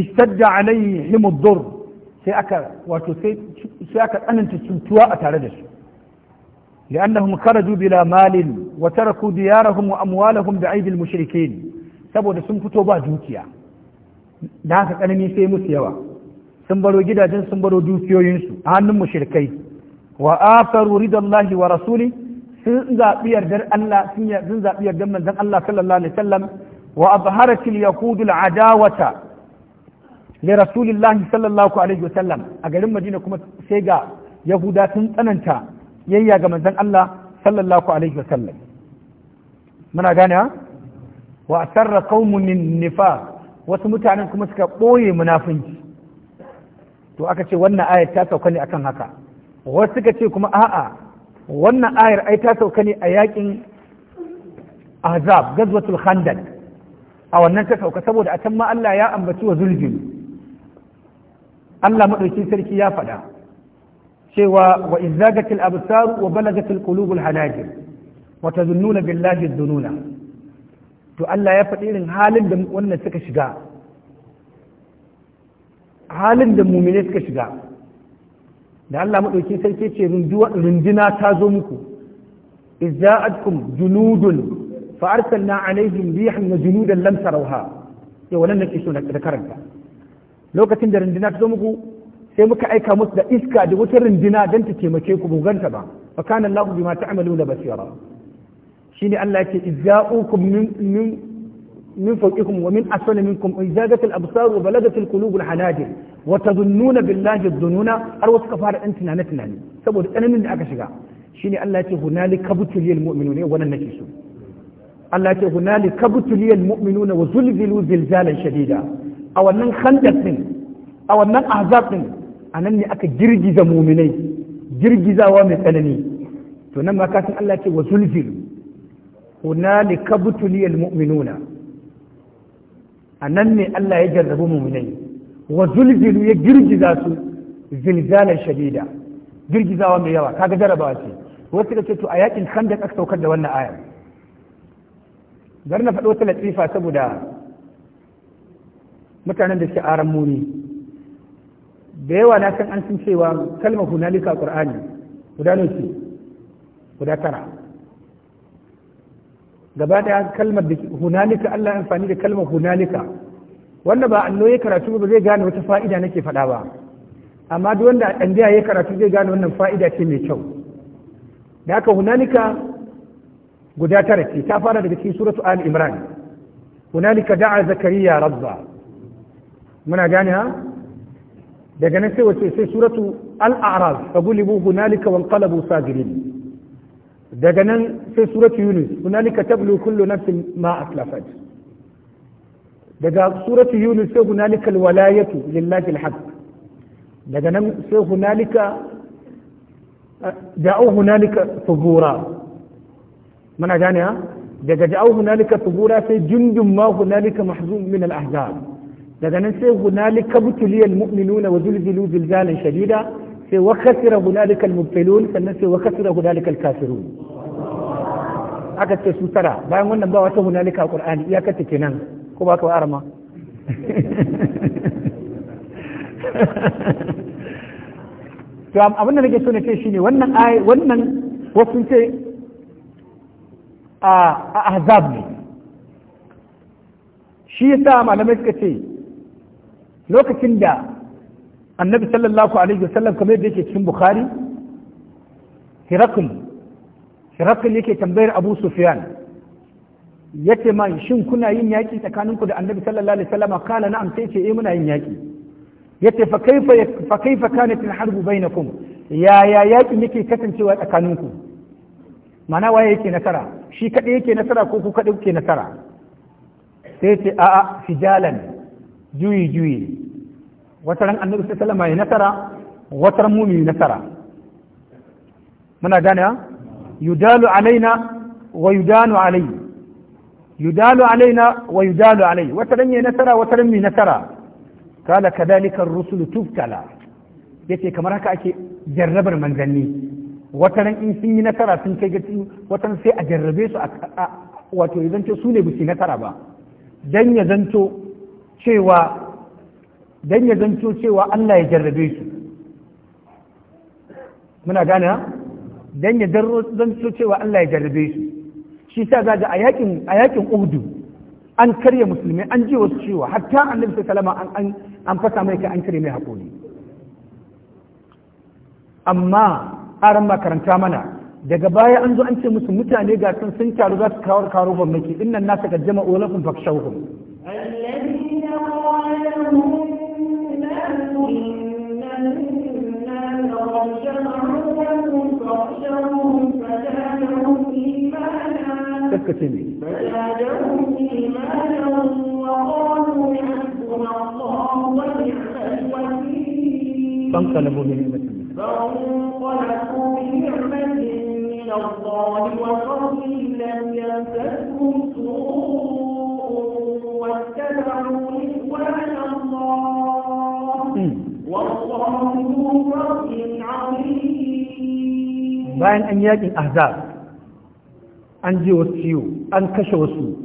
ishtadda alaihi himu dhur sai aka wato sai aka tsananta cutuwa a tare da su jubila wata لأنهم خرجوا بلا a وتركوا ديارهم وأموالهم بعيد ne saboda sun fito ba dukiya da haka tsanani sai musu yawa sun baro gidajen sun baro dukiyoyinsu a hannun mushrikai wa afaru ridallahi wa rasuli sun zaɓi yardar Allah sun zaɓi yardar manzon Allah sallallahu alaihi wasallam wa abharatil yaqudul adawata li rasulullahi sallallahu alaihi wa sallam a garin madina kuma sai ga yahuda sun tsananta yayya ga manzon Allah sallallahu alaihi wa sallam. muna gane wa asarra qaumun nifaq wasu mutanen kuma suka boye munafinci to aka ce wannan ayar ta sauka ne akan haka wasu suka ce kuma a'a wannan ayar ai ta sauka ne a yakin ahzab gazwatul khandaq a wannan ta sauka saboda a can ma Allah ya ambaci wa zulzul Allah maɗauki sarki ya faɗa cewa wa izzagatil absar wa balagatil qulubul hanajir wa tazunnuna billahi dhununa to Allah ya faɗi irin halin da wannan suka shiga halin da mumine suka shiga da Allah maɗauki sarki ce runduna ta zo muku izza'atkum junudun fa arsalna alaihim rihan wa junudan lam tarawha yau wannan nake so da karanta lokacin da rindina ta zo muku sai muka aika musu da iska da wutar rindina don ta taimake ku buganta ba fa kana Allahu bima ta'maluna basira shine Allah yake izza'ukum min min min fawqikum wa min asfali minkum izagat al-absar wa balagat al-qulub al-hanajir wa tadhunnuna billahi ad-dununa har wasu kafara din tunane tunane saboda tsananin da aka shiga shine Allah yake hunalika butuliyal mu'minuna wannan nake so Allah yake hunalika butuliyal mu'minuna wa zulzilu zilzalan shadida a wannan khandaq din a wannan ahzab din nan ne aka girgiza muminai girgizawa mai tsanani to nan ma san Allah ce wa zulzil hunalika butuliyal mu'minuna nan ne Allah ya jarrabu muminai wa zulzilu ya girgiza su zilzalan shadida girgizawa mai yawa kaga jarabawa ce wasu da ce to a yakin khandaq aka saukar da wannan ayar bari na faɗo wata latifa saboda mutanen da ke aran muni da yawa na san an san cewa kalmar hunalika qur'ani guda ce guda tara gaba da kalmar da hunalika Allah amfani da kalmar hunalika wanda ba allo ya karatu ba zai gane wata fa'ida nake faɗa ba amma duk wanda a ɗandiya ya karatu zai gane wannan fa'ida ce mai kyau da haka hunalika guda tara ce ta fara daga cikin suratu al imran hunalika da'a zakariya rabba من أجانها بجنسي وتسي سورة الأعراض فقلبوا هنالك وانقلبوا ساجرين دجنن في سورة يونس هنالك تبلو كل نفس ما أسلفت دجا سورة يونس هنالك الولاية لله الحق دجنن هنالك جاءوا هنالك ثبورا من أجانها دجا هنالك ثبورا في جند ما هنالك محزوم من الأحزاب daga nan sai hunalika butuliyal mu'minuna wa zulzilu zilzalan shadida sai wa khasira hunalika al-mubtilun sannan sai wa khasira hunalika al-kafirun aka ce su tara bayan wannan ba wata hunalika a qur'ani iyakar ta kenan ko ba ka ba arma to abin da nake so na ce shine wannan ay wannan wasu ce a ahzab ne shi yasa malamai suka ce lokacin da annabi sallallahu alaihi wasallam kamar yadda yake cikin bukhari hirakul hirakul yake tambayar abu sufyan ya ce man shin kuna yin yaƙi tsakaninku da annabi sallallahu alaihi wasallam kala na'am sai ce eh muna yin yaƙi ya ce fa kaifa kanat al-harbu bainakum ya ya yaƙin yake kasancewa tsakaninku mana waye yake nasara shi kaɗai yake nasara ko ku kaɗai kuke nasara sai ce a'a fijalan juyi juyi wata ran annabi sai sallama ya nasara wata ran mumi nasara muna gane yudalu alaina wa yudanu alai yudalu alaina wa yudalu alai wata ran ya nasara wata ran mi nasara kala kadalika rusulu tuftala yace kamar haka ake jarrabar manzanni wata ran in sun yi nasara sun kai gaci wata sai a jarrabe su a wato ya zanto su ne busi nasara ba dan ya zanto cewa don ya zanto cewa Allah ya jarrabe su muna gane don ya zanto cewa Allah ya jarrabe su shi sa zaga a yakin a yakin an karya musulmi an ji wasu cewa hatta annabi sallallahu salama an fasa mai an karya mai haƙuri. amma aran makaranta mana daga baya an zo an ce musu mutane ga sun taru za su kawar karo ban maki innan nasa gajjama ulafun fakshawhum suka ce ne فانقلبوا بنعمة فانقلبوا بنعمة من الله وفضل لم يمسكوا سوء واتبعوا رضوان الله والله ذو فضل عظيم بعد ان ياتي الاحزاب an je wasu ciwo an kashe wasu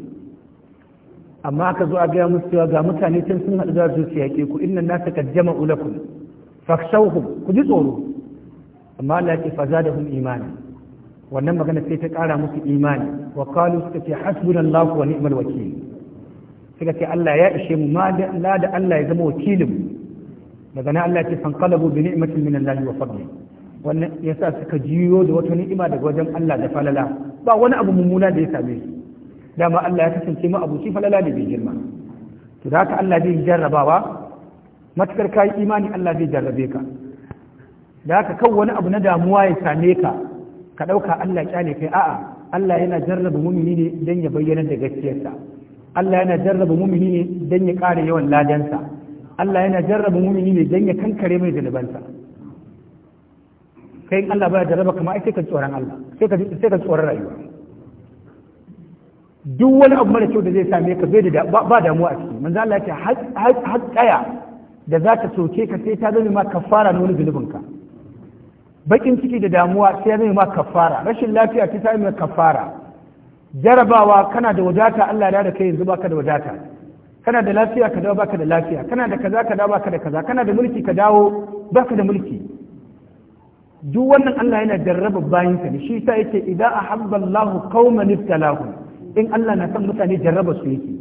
amma aka zo a gaya musu cewa ga mutane can sun haɗu da su yaƙe ku inna nasa kad jama'u lakum fakhshawhum ku ji tsoro amma Allah ya fa zadahum imani wannan magana sai ta ƙara musu imani wa qalu suka ce hasbunallahu wa ni'mal wakil suka ce Allah ya ishe mu ma da Allah ya zama wakilin daga nan Allah ya ce fanqalabu bi ni'matin min Allah wa fadli wannan yasa suka jiyo da wata ni'ima daga wajen Allah da falala ba wani abu mummuna da ya same su dama Allah ya kasance ma abuci falala da bai girma to da haka Allah zai jarrabawa matukar kai imani Allah zai jarrabe ka da haka kan wani abu na damuwa ya same ka ka ɗauka Allah kyale kai a'a Allah yana jarraba mumini ne dan ya bayyana da gaskiyarsa Allah yana jarraba mumini ne dan ya kare yawan ladansa Allah yana jarraba mumini ne dan ya kankare mai zunubansa kai in Allah baya jarraba kama ai sai ka tsoron Allah sai ka sai ka tsoron rayuwa duk wani abu mara kyau da zai same ka bai da ba damuwa a ciki manzo Allah ya ce har tsaya da za ka soke ka sai ta zama ma kafara na wani zunubin ka bakin ciki da damuwa sai ya zama ma kafara rashin lafiya ta zama kafara jarabawa kana da wadata Allah ya da kai yanzu baka da wadata kana da lafiya ka dawo baka da lafiya kana da kaza ka dawo baka da kaza kana da mulki ka dawo baka da mulki duk wannan Allah yana jarraba bayan sa ne shi ta yake idan ahabba Allah qauman ibtalahum in Allah na san mutane jarraba su yake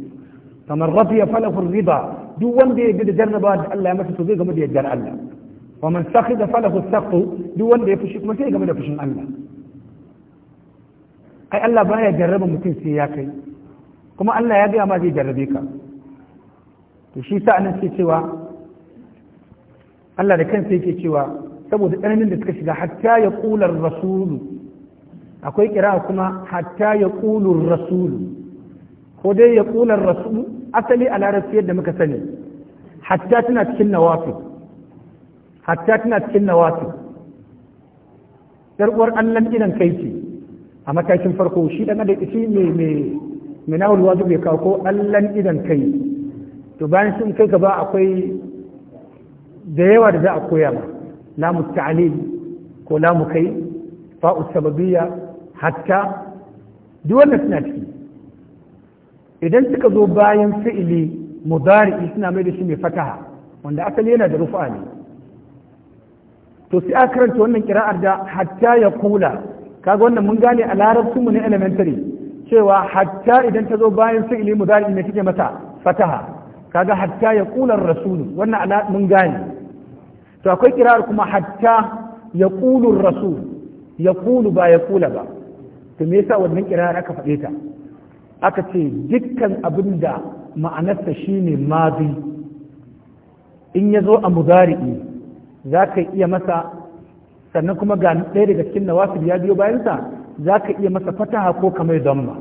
kamar rafiya falahu riba duk wanda ya da jarraba da Allah ya masa to zai gama da yardar Allah wa man sakhida falahu saqu duk wanda ya fushi kuma sai game da fushin Allah ai Allah baya jarraba mutum sai ya kai kuma Allah ya gaya ma zai jarrabe ka to shi sa anan sai cewa Allah da kansa yake cewa saboda tsananin da suka shiga hatta ya ƙular rasulu akwai kira kuma hatta ya ƙulur rasulu ko dai ya ƙular rasulu asali a larabci yadda muka sani hatta tana cikin nawafi hatta tana cikin nawafi yarwar allan idan kai ce a matakin farko shi dan adam shi mai me me na wajib ya kawo ko allan idan kai to bayan sun kai gaba akwai da yawa da za a koya ma na ta'alil ko lamu kai fa'u sababiyya hatta duk wannan suna ciki idan suka zo bayan fi'ili mudari'i suna mai da shi mai fataha wanda asali yana da rufu'a ne to sai aka karanta wannan kira'ar da hatta ya kula kaga wannan mun gane a larabci mu ne elementary cewa hatta idan ta zo bayan fi'ili mudari'i ne take mata fataha kaga hatta ya kula rasulu wannan mun gane to akwai kirar kuma hatta ya kulu rasul ya kulu ba ya kula ba to me yasa wannan kirar aka faɗe ta aka ce dukkan abin da ma'anarsa shine mazi in ya zo a muzari'i za ka iya masa sannan kuma ga ɗaya daga cikin nawasir ya biyo bayansa za ka iya masa fataha ko kamar zamma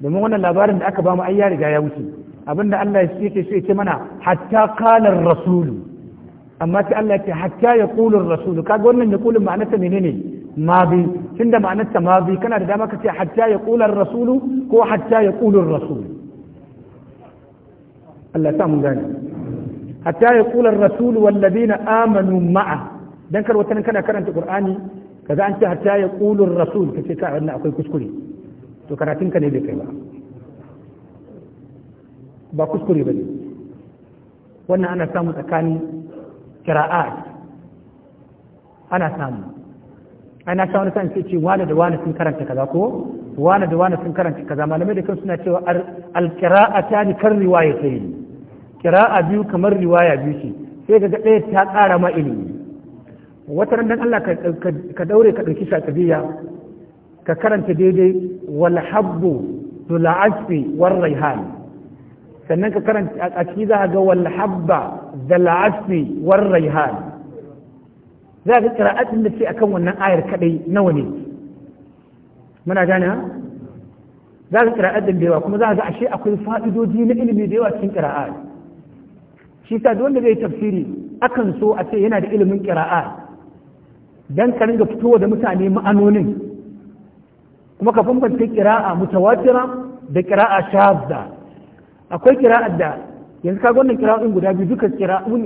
domin wannan labarin da aka ba mu ai ya riga ya wuce abinda Allah ya ce ce mana hatta kalar rasulu amma sai Allah ce hatta ya kulun rasulu kaga wannan ya kulun ma'anarsa menene mabi tunda ma'anarsa mabi kana da dama ka ce hatta ya kulun rasulu ko hatta ya kulun rasulu Allah ta mun gane hatta ya kulun rasulu wallazina amanu ma'a dan kar wata kana karanta qur'ani kaga an ce hatta ya kulun rasul kace ka wannan akwai kuskure to karatun ka ne bai kai ba ba kuskure bane wannan ana samu tsakanin. kira'at ana samu ana samu kan ce ce wani da wani sun karanta kaza ko wane da wani sun karanta kaza malamai da kan suna cewa alkira'ata ne kan riwaya ta yi kira'a biyu kamar riwaya biyu ce sai ga ɗaya ta ƙara ma ilimi wata ran dan Allah ka daure ka ɗauki shaƙabiya ka karanta daidai wal habbu dul asfi war raihan sannan ka karanta a ciki za ga wal habba zal asfi war rayhan za ga qira'atin da ce akan wannan ayar kadai nawa ne muna gane za ga qira'atin da yawa kuma za ga ashe akwai fa'idoji na ilimi da yawa cikin qira'a shi sa duk wanda zai tafsiri akan so a ce yana da ilimin qira'a dan ka ringa fitowa da mutane ma'anonin kuma ka bambanta qira'a mutawatira da qira'a shadda akwai kira'ar da yanzu ka wannan kira'un guda biyu duka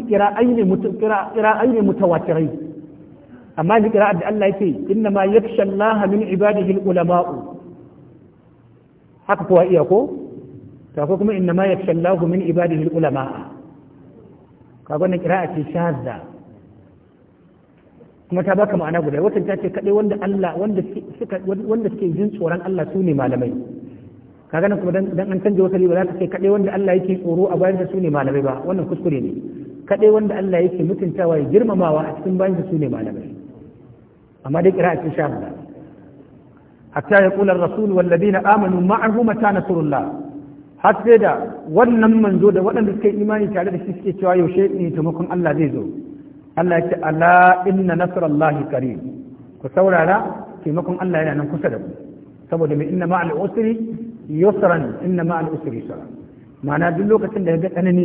kira'ai ne mutawatirai amma ni kira'ar da Allah yake inna ma yakhsha Allah min ibadihi ulama'u haka kowa iya ko ta ko kuma inna ma yakhsha Allah min ibadihi ulama ka wannan kira'a ce shazza kuma ta baka ma'ana guda wata ta ce kadai wanda Allah wanda suke jin tsoron Allah su ne malamai kaga nan kuma dan an canja wasali ba za ka kai kaɗai wanda Allah yake tsoro a bayan da su ne malamai ba wannan kuskure ne kaɗai wanda Allah yake mutuntawa ya girmamawa a cikin bayan da su ne malamai amma dai kira a cikin sha hatta ya kula rasul walladina amanu ma'ahu mata nasrullah har sai da wannan manzo da waɗanda suka yi imani tare da shi suke cewa yaushe ne taimakon Allah zai zo Allah ya ce ala inna nasrallahi qarib ku saurara taimakon Allah yana nan kusa da ku saboda mai inna ma'al usri yusran inna ma al-usri yusra ma'ana duk lokacin da ya ga tsanani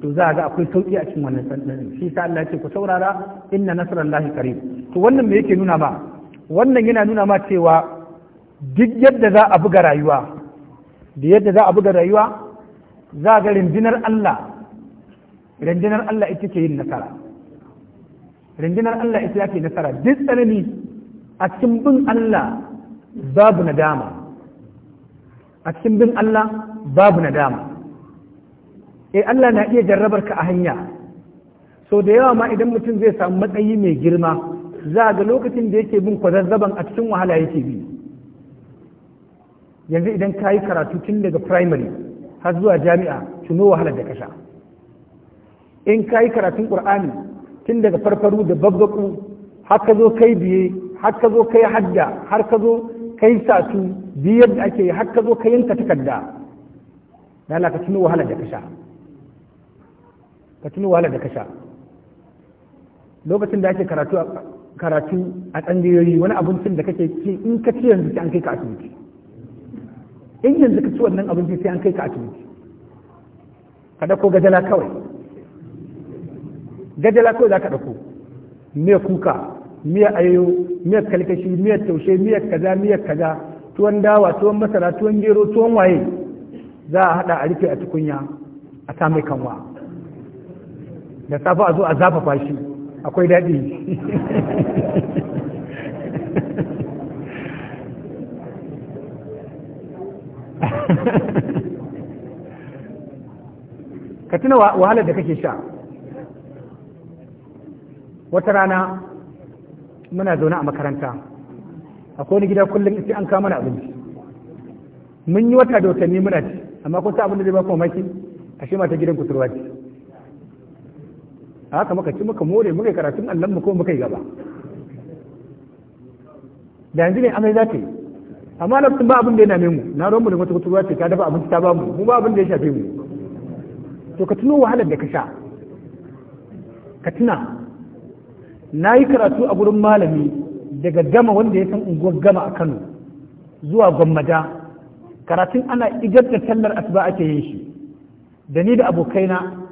to za a ga akwai sauki a cikin wannan tsanani shi sa Allah ya ce ku saurara inna nasrallahi qarib to wannan me yake nuna ma wannan yana nuna ma cewa duk yadda za a buga rayuwa da yadda za a buga rayuwa za ga rindinar Allah rindinar Allah ita ke yin nasara rindinar Allah ita ke nasara duk tsanani a cikin bin Allah babu nadama a cikin bin Allah babu nadama eh Allah na iya jarrabar ka a hanya so da yawa ma idan mutum zai samu matsayi mai girma za ga lokacin da yake bin kwazazzaban a cikin wahala yake bi yanzu idan ka yi karatu tun daga primary har zuwa jami'a tuno wahala da kasha in ka yi karatun ƙur'ani tun daga farfaru da babbaku har ka zo kai biye har ka zo kai hadda har ka zo kai sa su bi yadda ake yi ka zo ka yanka takarda na ka tuno wahala da kasha ka tuno wahala da kasha lokacin da ake karatu karatu a tsangiyoyi wani abincin da kake ci in ka ci yanzu sai an kai ka asibiti in yanzu ka ci wannan abincin sai an kai ka asibiti ka dauko gajala kawai gajala kawai za ka dauko me kuka miya ayo miya kalkashi miyar taushe miyar kaza miyar kaza tuwon dawa tuwon masara tuwon gero tuwon waye za a hada a rufe a tukunya a sa mai kanwa da safa a zo a zafafa shi akwai daɗi ka tuna wahalar da kake sha wata rana muna zaune a makaranta akwai wani gida kullum sai an kama mana abinci mun yi wata da watanni muna ci amma kun sa abin da zai ba ku mamaki ashe mata gidan kusurwa ce haka muka ci muka more muka yi karatun allon mu ko muka yi gaba da yanzu ne amai za ta yi amma na ba abin da ya name mu na ruwan mu da wata kusurwa ce ta dafa abinci ta ba mu mu ba abin da ya shafe mu to ka tuno wahalar da ka sha ka tuna na yi karatu a gurin malami daga gama wanda ya san unguwar gama a kano zuwa gwammada karatun ana ijar da sallar asuba ake yin shi da ni da abokaina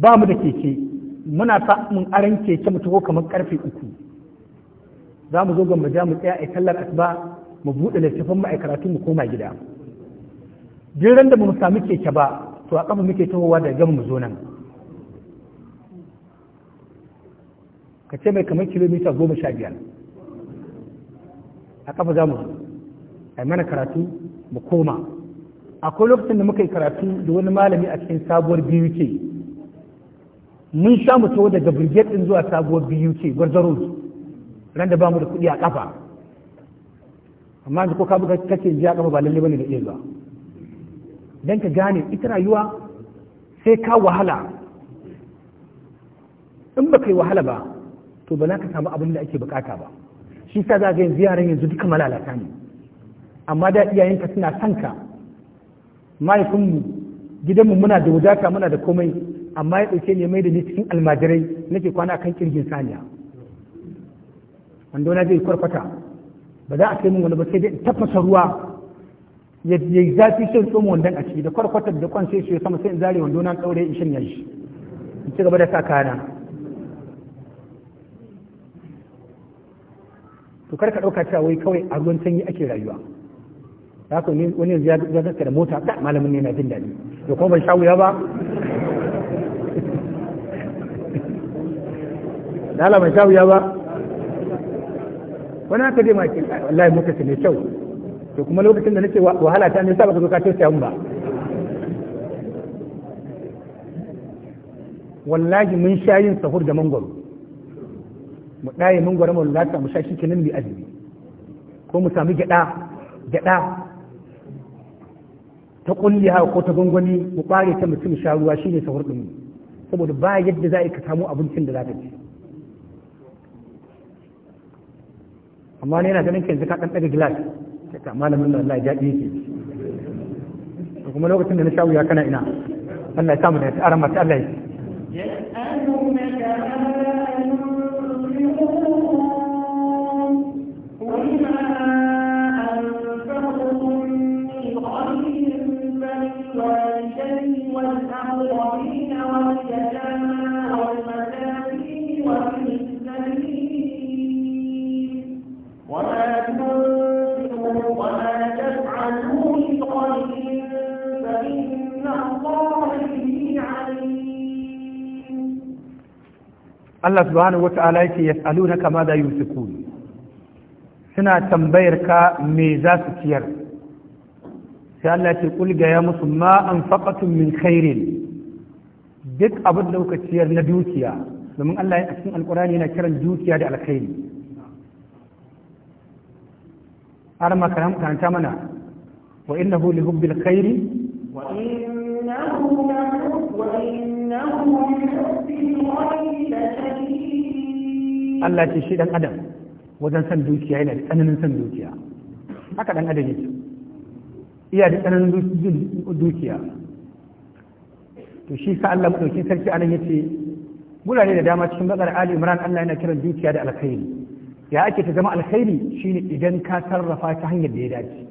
ba mu da keke muna samun aran keke mu tuko kamar karfe uku za mu zo gwammada mu tsaya a tallar asuba mu buɗe littafin mu a karatu mu koma gida duk da ba mu sami keke ba to a kafa muke tahowa da gama mu zo nan ka ce mai kamar kilomita goma sha biyar a kafa za mu a mana karatu mu koma akwai lokacin da muka yi karatu da wani malami a cikin sabuwar biyu ke mun sha mu tawo da brigade ɗin zuwa sabuwar biyu ke gwarzaro ran da ba mu da kuɗi a kafa amma yanzu ko ka buga ji a kafa ba lalle bane da iya zuwa dan ka gane ita rayuwa sai ka wahala in baka yi wahala ba to ba za ka samu abin da ake bukata ba shi sa za ga yanzu yaran yanzu duka malalata ne amma da iyayenka suna son ka mahaifinmu gidanmu muna da wadata muna da komai amma ya ɗauke ne mai da ni cikin almajirai nake kwana kan kirgin saniya wanda na zai kwarkwata ba za a kai min wani ba sai dai tafasa ruwa ya yi zafi sai tsoma wandan a ciki da kwarkwata da kwan sai su sama sai in zare wando na ɗaure in shanya shi in ci gaba da sa kayana to kar ka ɗauka cewa wai kawai a ruwan sanyi ake rayuwa haka wani yanzu ya zaka da mota da malamin ne na jin daɗi da kuma ban sha wuya ba da ala ban sha wuya ba wani haka dai ma ke wallahi muka ce mai kyau to kuma lokacin da nake wahala ta ne sa baka zo ka tausaya mun ba wallahi mun sha yin sahur da mangwaro mu ɗaya mun gwara mu lalata mu sha kenan mai azumi ko mu sami gyaɗa gyaɗa ta kulliya ko ta gwangwani mu ɓare ta mutum sha ruwa shine sahur ɗin saboda ba yadda za a ka samu abincin da za ka ci amma ne yana ganin yanzu ka ɗan ɗaga gilas ta malamin nan Allah ya jaɗi yake kuma lokacin da na sha ya kana ina Allah ya samu da ya ta arama ta Allah ya Allah subhanahu wata'ala yake na kama da yunfiqun suna tambayar ka me za su ciyar sai Allah ce Kulga ya musu ma anfaqatum min khairin duk abin da kuka ciyar na dukiya domin Allah ya cikin Alƙurani yana kiran dukiya da alkhairi har ma karanta mana wa innahu li hubbil khairi wa innahu la wa Allah ce shi ɗan adam wajen san dukiya yana da tsananin san dukiya haka ɗan adam yake iya da tsananin dukiya to shi sa Allah madauki sarki anan yace ne da dama cikin bakar Ali Imran Allah yana kiran dukiya da alkhairi ya ake ta zama alkhairi shine idan ka sarrafa ta hanyar da ya dace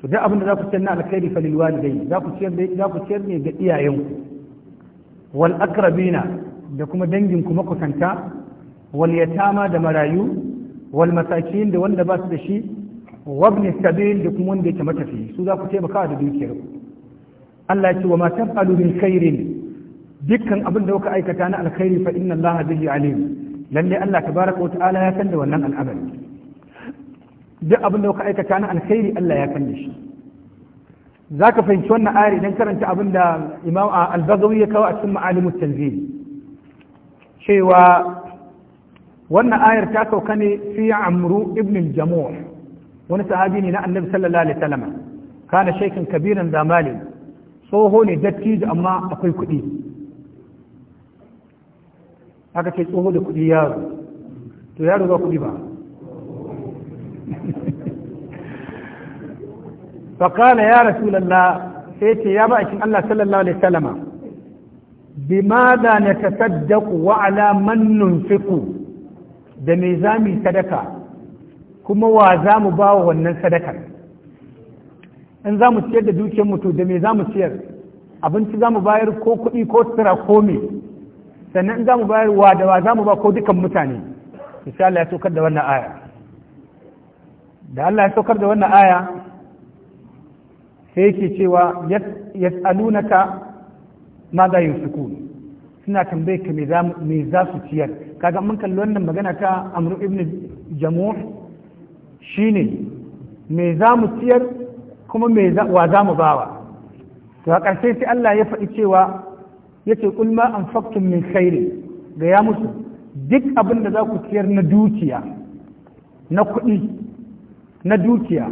to duk abin da za ku ciyar na alkhairi fa lil walidai za ku ciyar za ku ciyar ne ga iyayenku wal akrabina da kuma dangin kuma kusanta wal yatama da marayu wal masakin da wanda ba su da shi wabni sabil da kuma wanda yake matafi su za ku taimaka da dukiyar Allah ya ce wa ma taf'alu min khairin dukkan abin da kuka aikata na alkhairi fa inna Allah bihi alim lalle Allah ya san da wannan duk abin da kuka aikata na Allah ya san da shi za ka fahimci wannan ayar idan karanta abin da imam al-bagawi ya kawo a cikin ma'alimu tanzili cewa wannan ayar ta sauka ne fi amru ibn jamu wani sahabi ne na annabi sallallahu alaihi wasallam kana shaykin kabiran zamali tsoho ne dattijo amma akwai kuɗi aka ce tsoho da kuɗi yaro to yaro ba kuɗi ba فقال يا رسول الله سيتي يا بأشن الله صلى الله عليه وسلم بماذا نتصدق وعلى من ننفق da me كما mu باو ونن wa za mu ba wa wannan sadakar in za mu ciyar da dukiyar mutu za mu bayar ko kuɗi ko sutura ko me sannan in za mu bayar wa da wa za mu ba ko dukan mutane insha Allah ya saukar da wannan aya da Allah ya saukar da wannan aya sai yake cewa ka ma yin suku suna tambayi ka me za su ciyar kaga mun kalli wannan magana ta amru ibn shi shine me za mu ciyar kuma mai wa za mu bawa to a ƙarshe sai Allah ya faɗi cewa ce ƙulma an faktun min sairi ga ya musu duk abin da za ku ciyar na dukiya na kuɗi na dukiya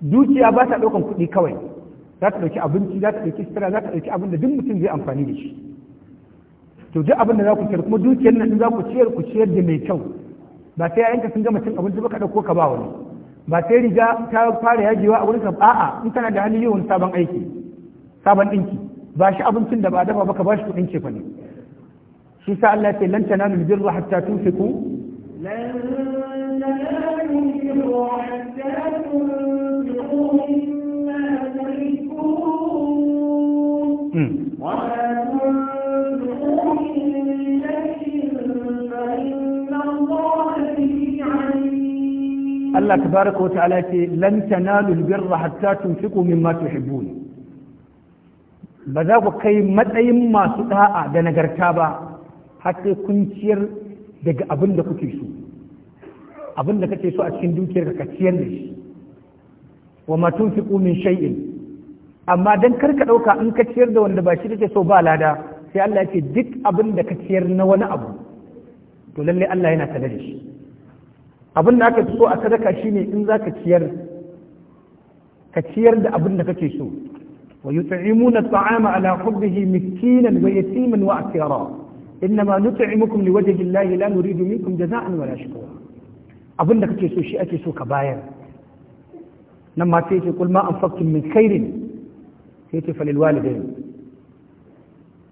dukiya ba ta ɗaukan kuɗi kawai za ta ɗauki abinci za ta ɗauki sutura za ta ɗauki abin da duk mutum zai amfani da shi to duk abin da za ku ciyar kuma dukiyar nan za ku ciyar ku ciyar da mai kyau ba sai yayanka sun gama cin abinci ba ka ɗauko ka ba wani ba sai riga ta fara yajewa a wurin ka a'a in kana da hali yawan sabon aiki sabon ɗinki ba shi abincin da ba dafa ba ka ba shi kuɗin ce ne shi sa Allah ya ce lan tanalu birra hatta tunfiqu lan tanalu وما تنفقوا من شيء فإن ce به عليم الله تبارك وتعالى لن masu البر ba za ku kai matsayin masu da'a da nagarta ba har sai kun ciyar daga abin da kuke so abin da kake so a cikin dukiyar ka ciyar da shi wa ma tunfiqu min shay'in amma dan kar ka ɗauka in ka ciyar da wanda ba shi kake so ba lada sai Allah ya ce duk abin da ka ciyar na wani abu to lalle Allah yana sanar da shi abin da aka so a sadaka shine in za ka ciyar ka ciyar da abin da kake so wa yut'imuna at'ama ala hubbihi miskinan wa yatiman wa asira innama nut'imukum liwajhi llahi la nuridu minkum jaza'an wala shukura abin da kake so shi ake so ka bayar nan ma sai ce kulma an fakkin min khairin sai ce falil walidai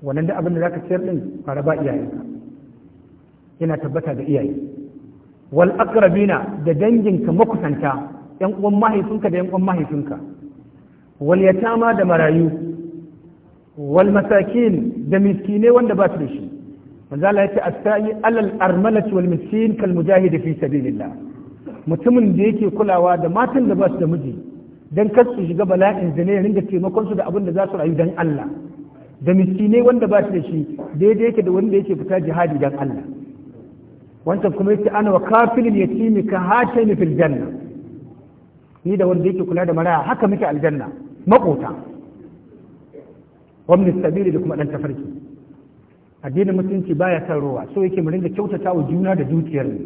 wannan da abin da zaka ciyar din fara ba iyayenka yana tabbata da iyaye wal aqrabina da danginka makusanta yan uwan mahaifinka da yan uwan mahaifinka wal yatama da marayu wal masakin da miskine wanda ba su da shi manzo Allah yace astayi alal armalati wal miskin kal mujahid fi sabilillah mutumin da yake kulawa da matan da ba su da miji dan kar su shiga bala'in ne ya ringa taimakon su da abin da za su rayu dan Allah da miskinai wanda ba shi da shi daidai yake da wanda yake fita jihadi dan Allah wancan kuma yake ana wa kafilin yatimi ka ni fil janna ni da wanda yake kula da maraya haka muke aljanna makota wannan sabili da kuma dan tafarki addinin musulunci baya san rowa so yake mu ringa kyautata wa juna da dukiyar mu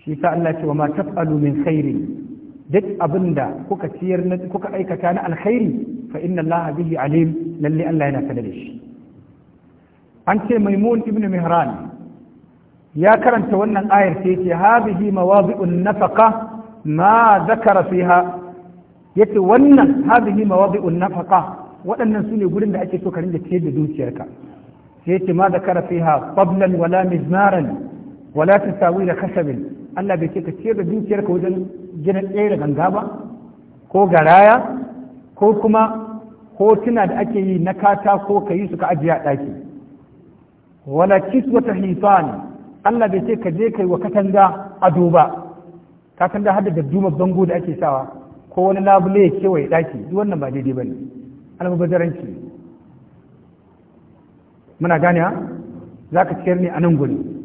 shi ta Allah ce wa ma taf'alu min khairin duk abin da kuka ciyar kuka aikata na alkhairi fa inna allaha bihi alim lalle Allah yana sanar da shi an ce maimun ibn mihran ya karanta wannan ayar sai ce hadhihi mawadi'un nafaqa ma zakara fiha yace wannan hadhihi mawadi'un nafaqa waɗannan su ne gurin da ake so ka rinda ciyar da dukiyarka sai yace ma zakara fiha qablan wala mizmaran wala tasawira khashabin Allah bai ce ka ciyar da dukiyarka wajen gina da ganga ba ko garaya ko kuma hotuna da ake yi na katako ka yi su ka ajiye a ɗaki wala kiswata hifani Allah bai ce ka je kai wa katanga ado ba katanga hada da duma bango da ake sawa ko wani labule ya kewaye ɗaki duk wannan ba daidai bane almubazzaranci muna gane ha za ka ciyar ne a nan gudu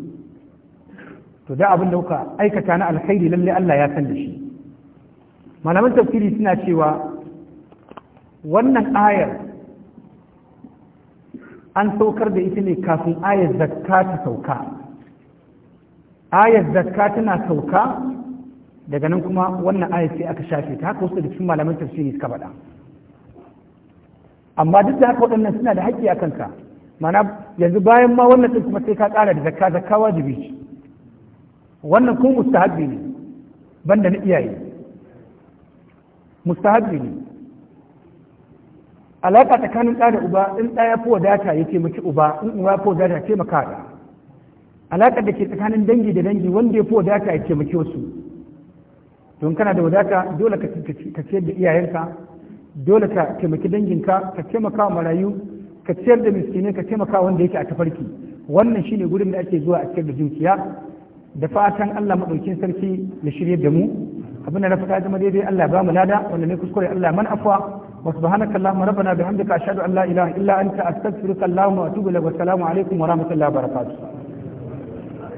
to da abin da kuka aikata na alkhairi lalle Allah ya san da shi malaman tafsiri suna cewa wannan ayar an saukar da ita ne kafin ayar zakka ta sauka ayar zakka tana sauka daga nan kuma wannan ayar sai aka shafe ta haka wasu da cikin malaman tafsiri suka faɗa amma duk da haka waɗannan suna da haƙƙi a kanka mana yanzu bayan ma wannan ɗin kuma sai ka ƙara da zakka zakka wajibi wannan ko mustahabbi ne banda na iyaye mustahabbi ne alaƙa tsakanin ɗa da uba in ɗa ya fi wadata ya taimaki uba in uba ya fi wadata ya taimaka da alaka da ke tsakanin dangi da dangi wanda ya fi wadata ya taimaki wasu don kana da wadata dole ka ciyar da iyayenka dole ka taimaki danginka ka taimaka wa marayu ka ciyar da miskinai ka taimaka wanda yake a tafarki wannan shine gurin da ake zuwa a ciyar da da fatan Allah madaukin sarki ya shirye da mu abin da na fata zama daidai Allah ba mu lada wanda ne kuskure Allah man afwa wa subhanaka allahumma rabbana bihamdika ashhadu an la ilaha illa anta astaghfiruka allahumma wa atubu ilaik wa assalamu alaikum wa rahmatullahi wa barakatuh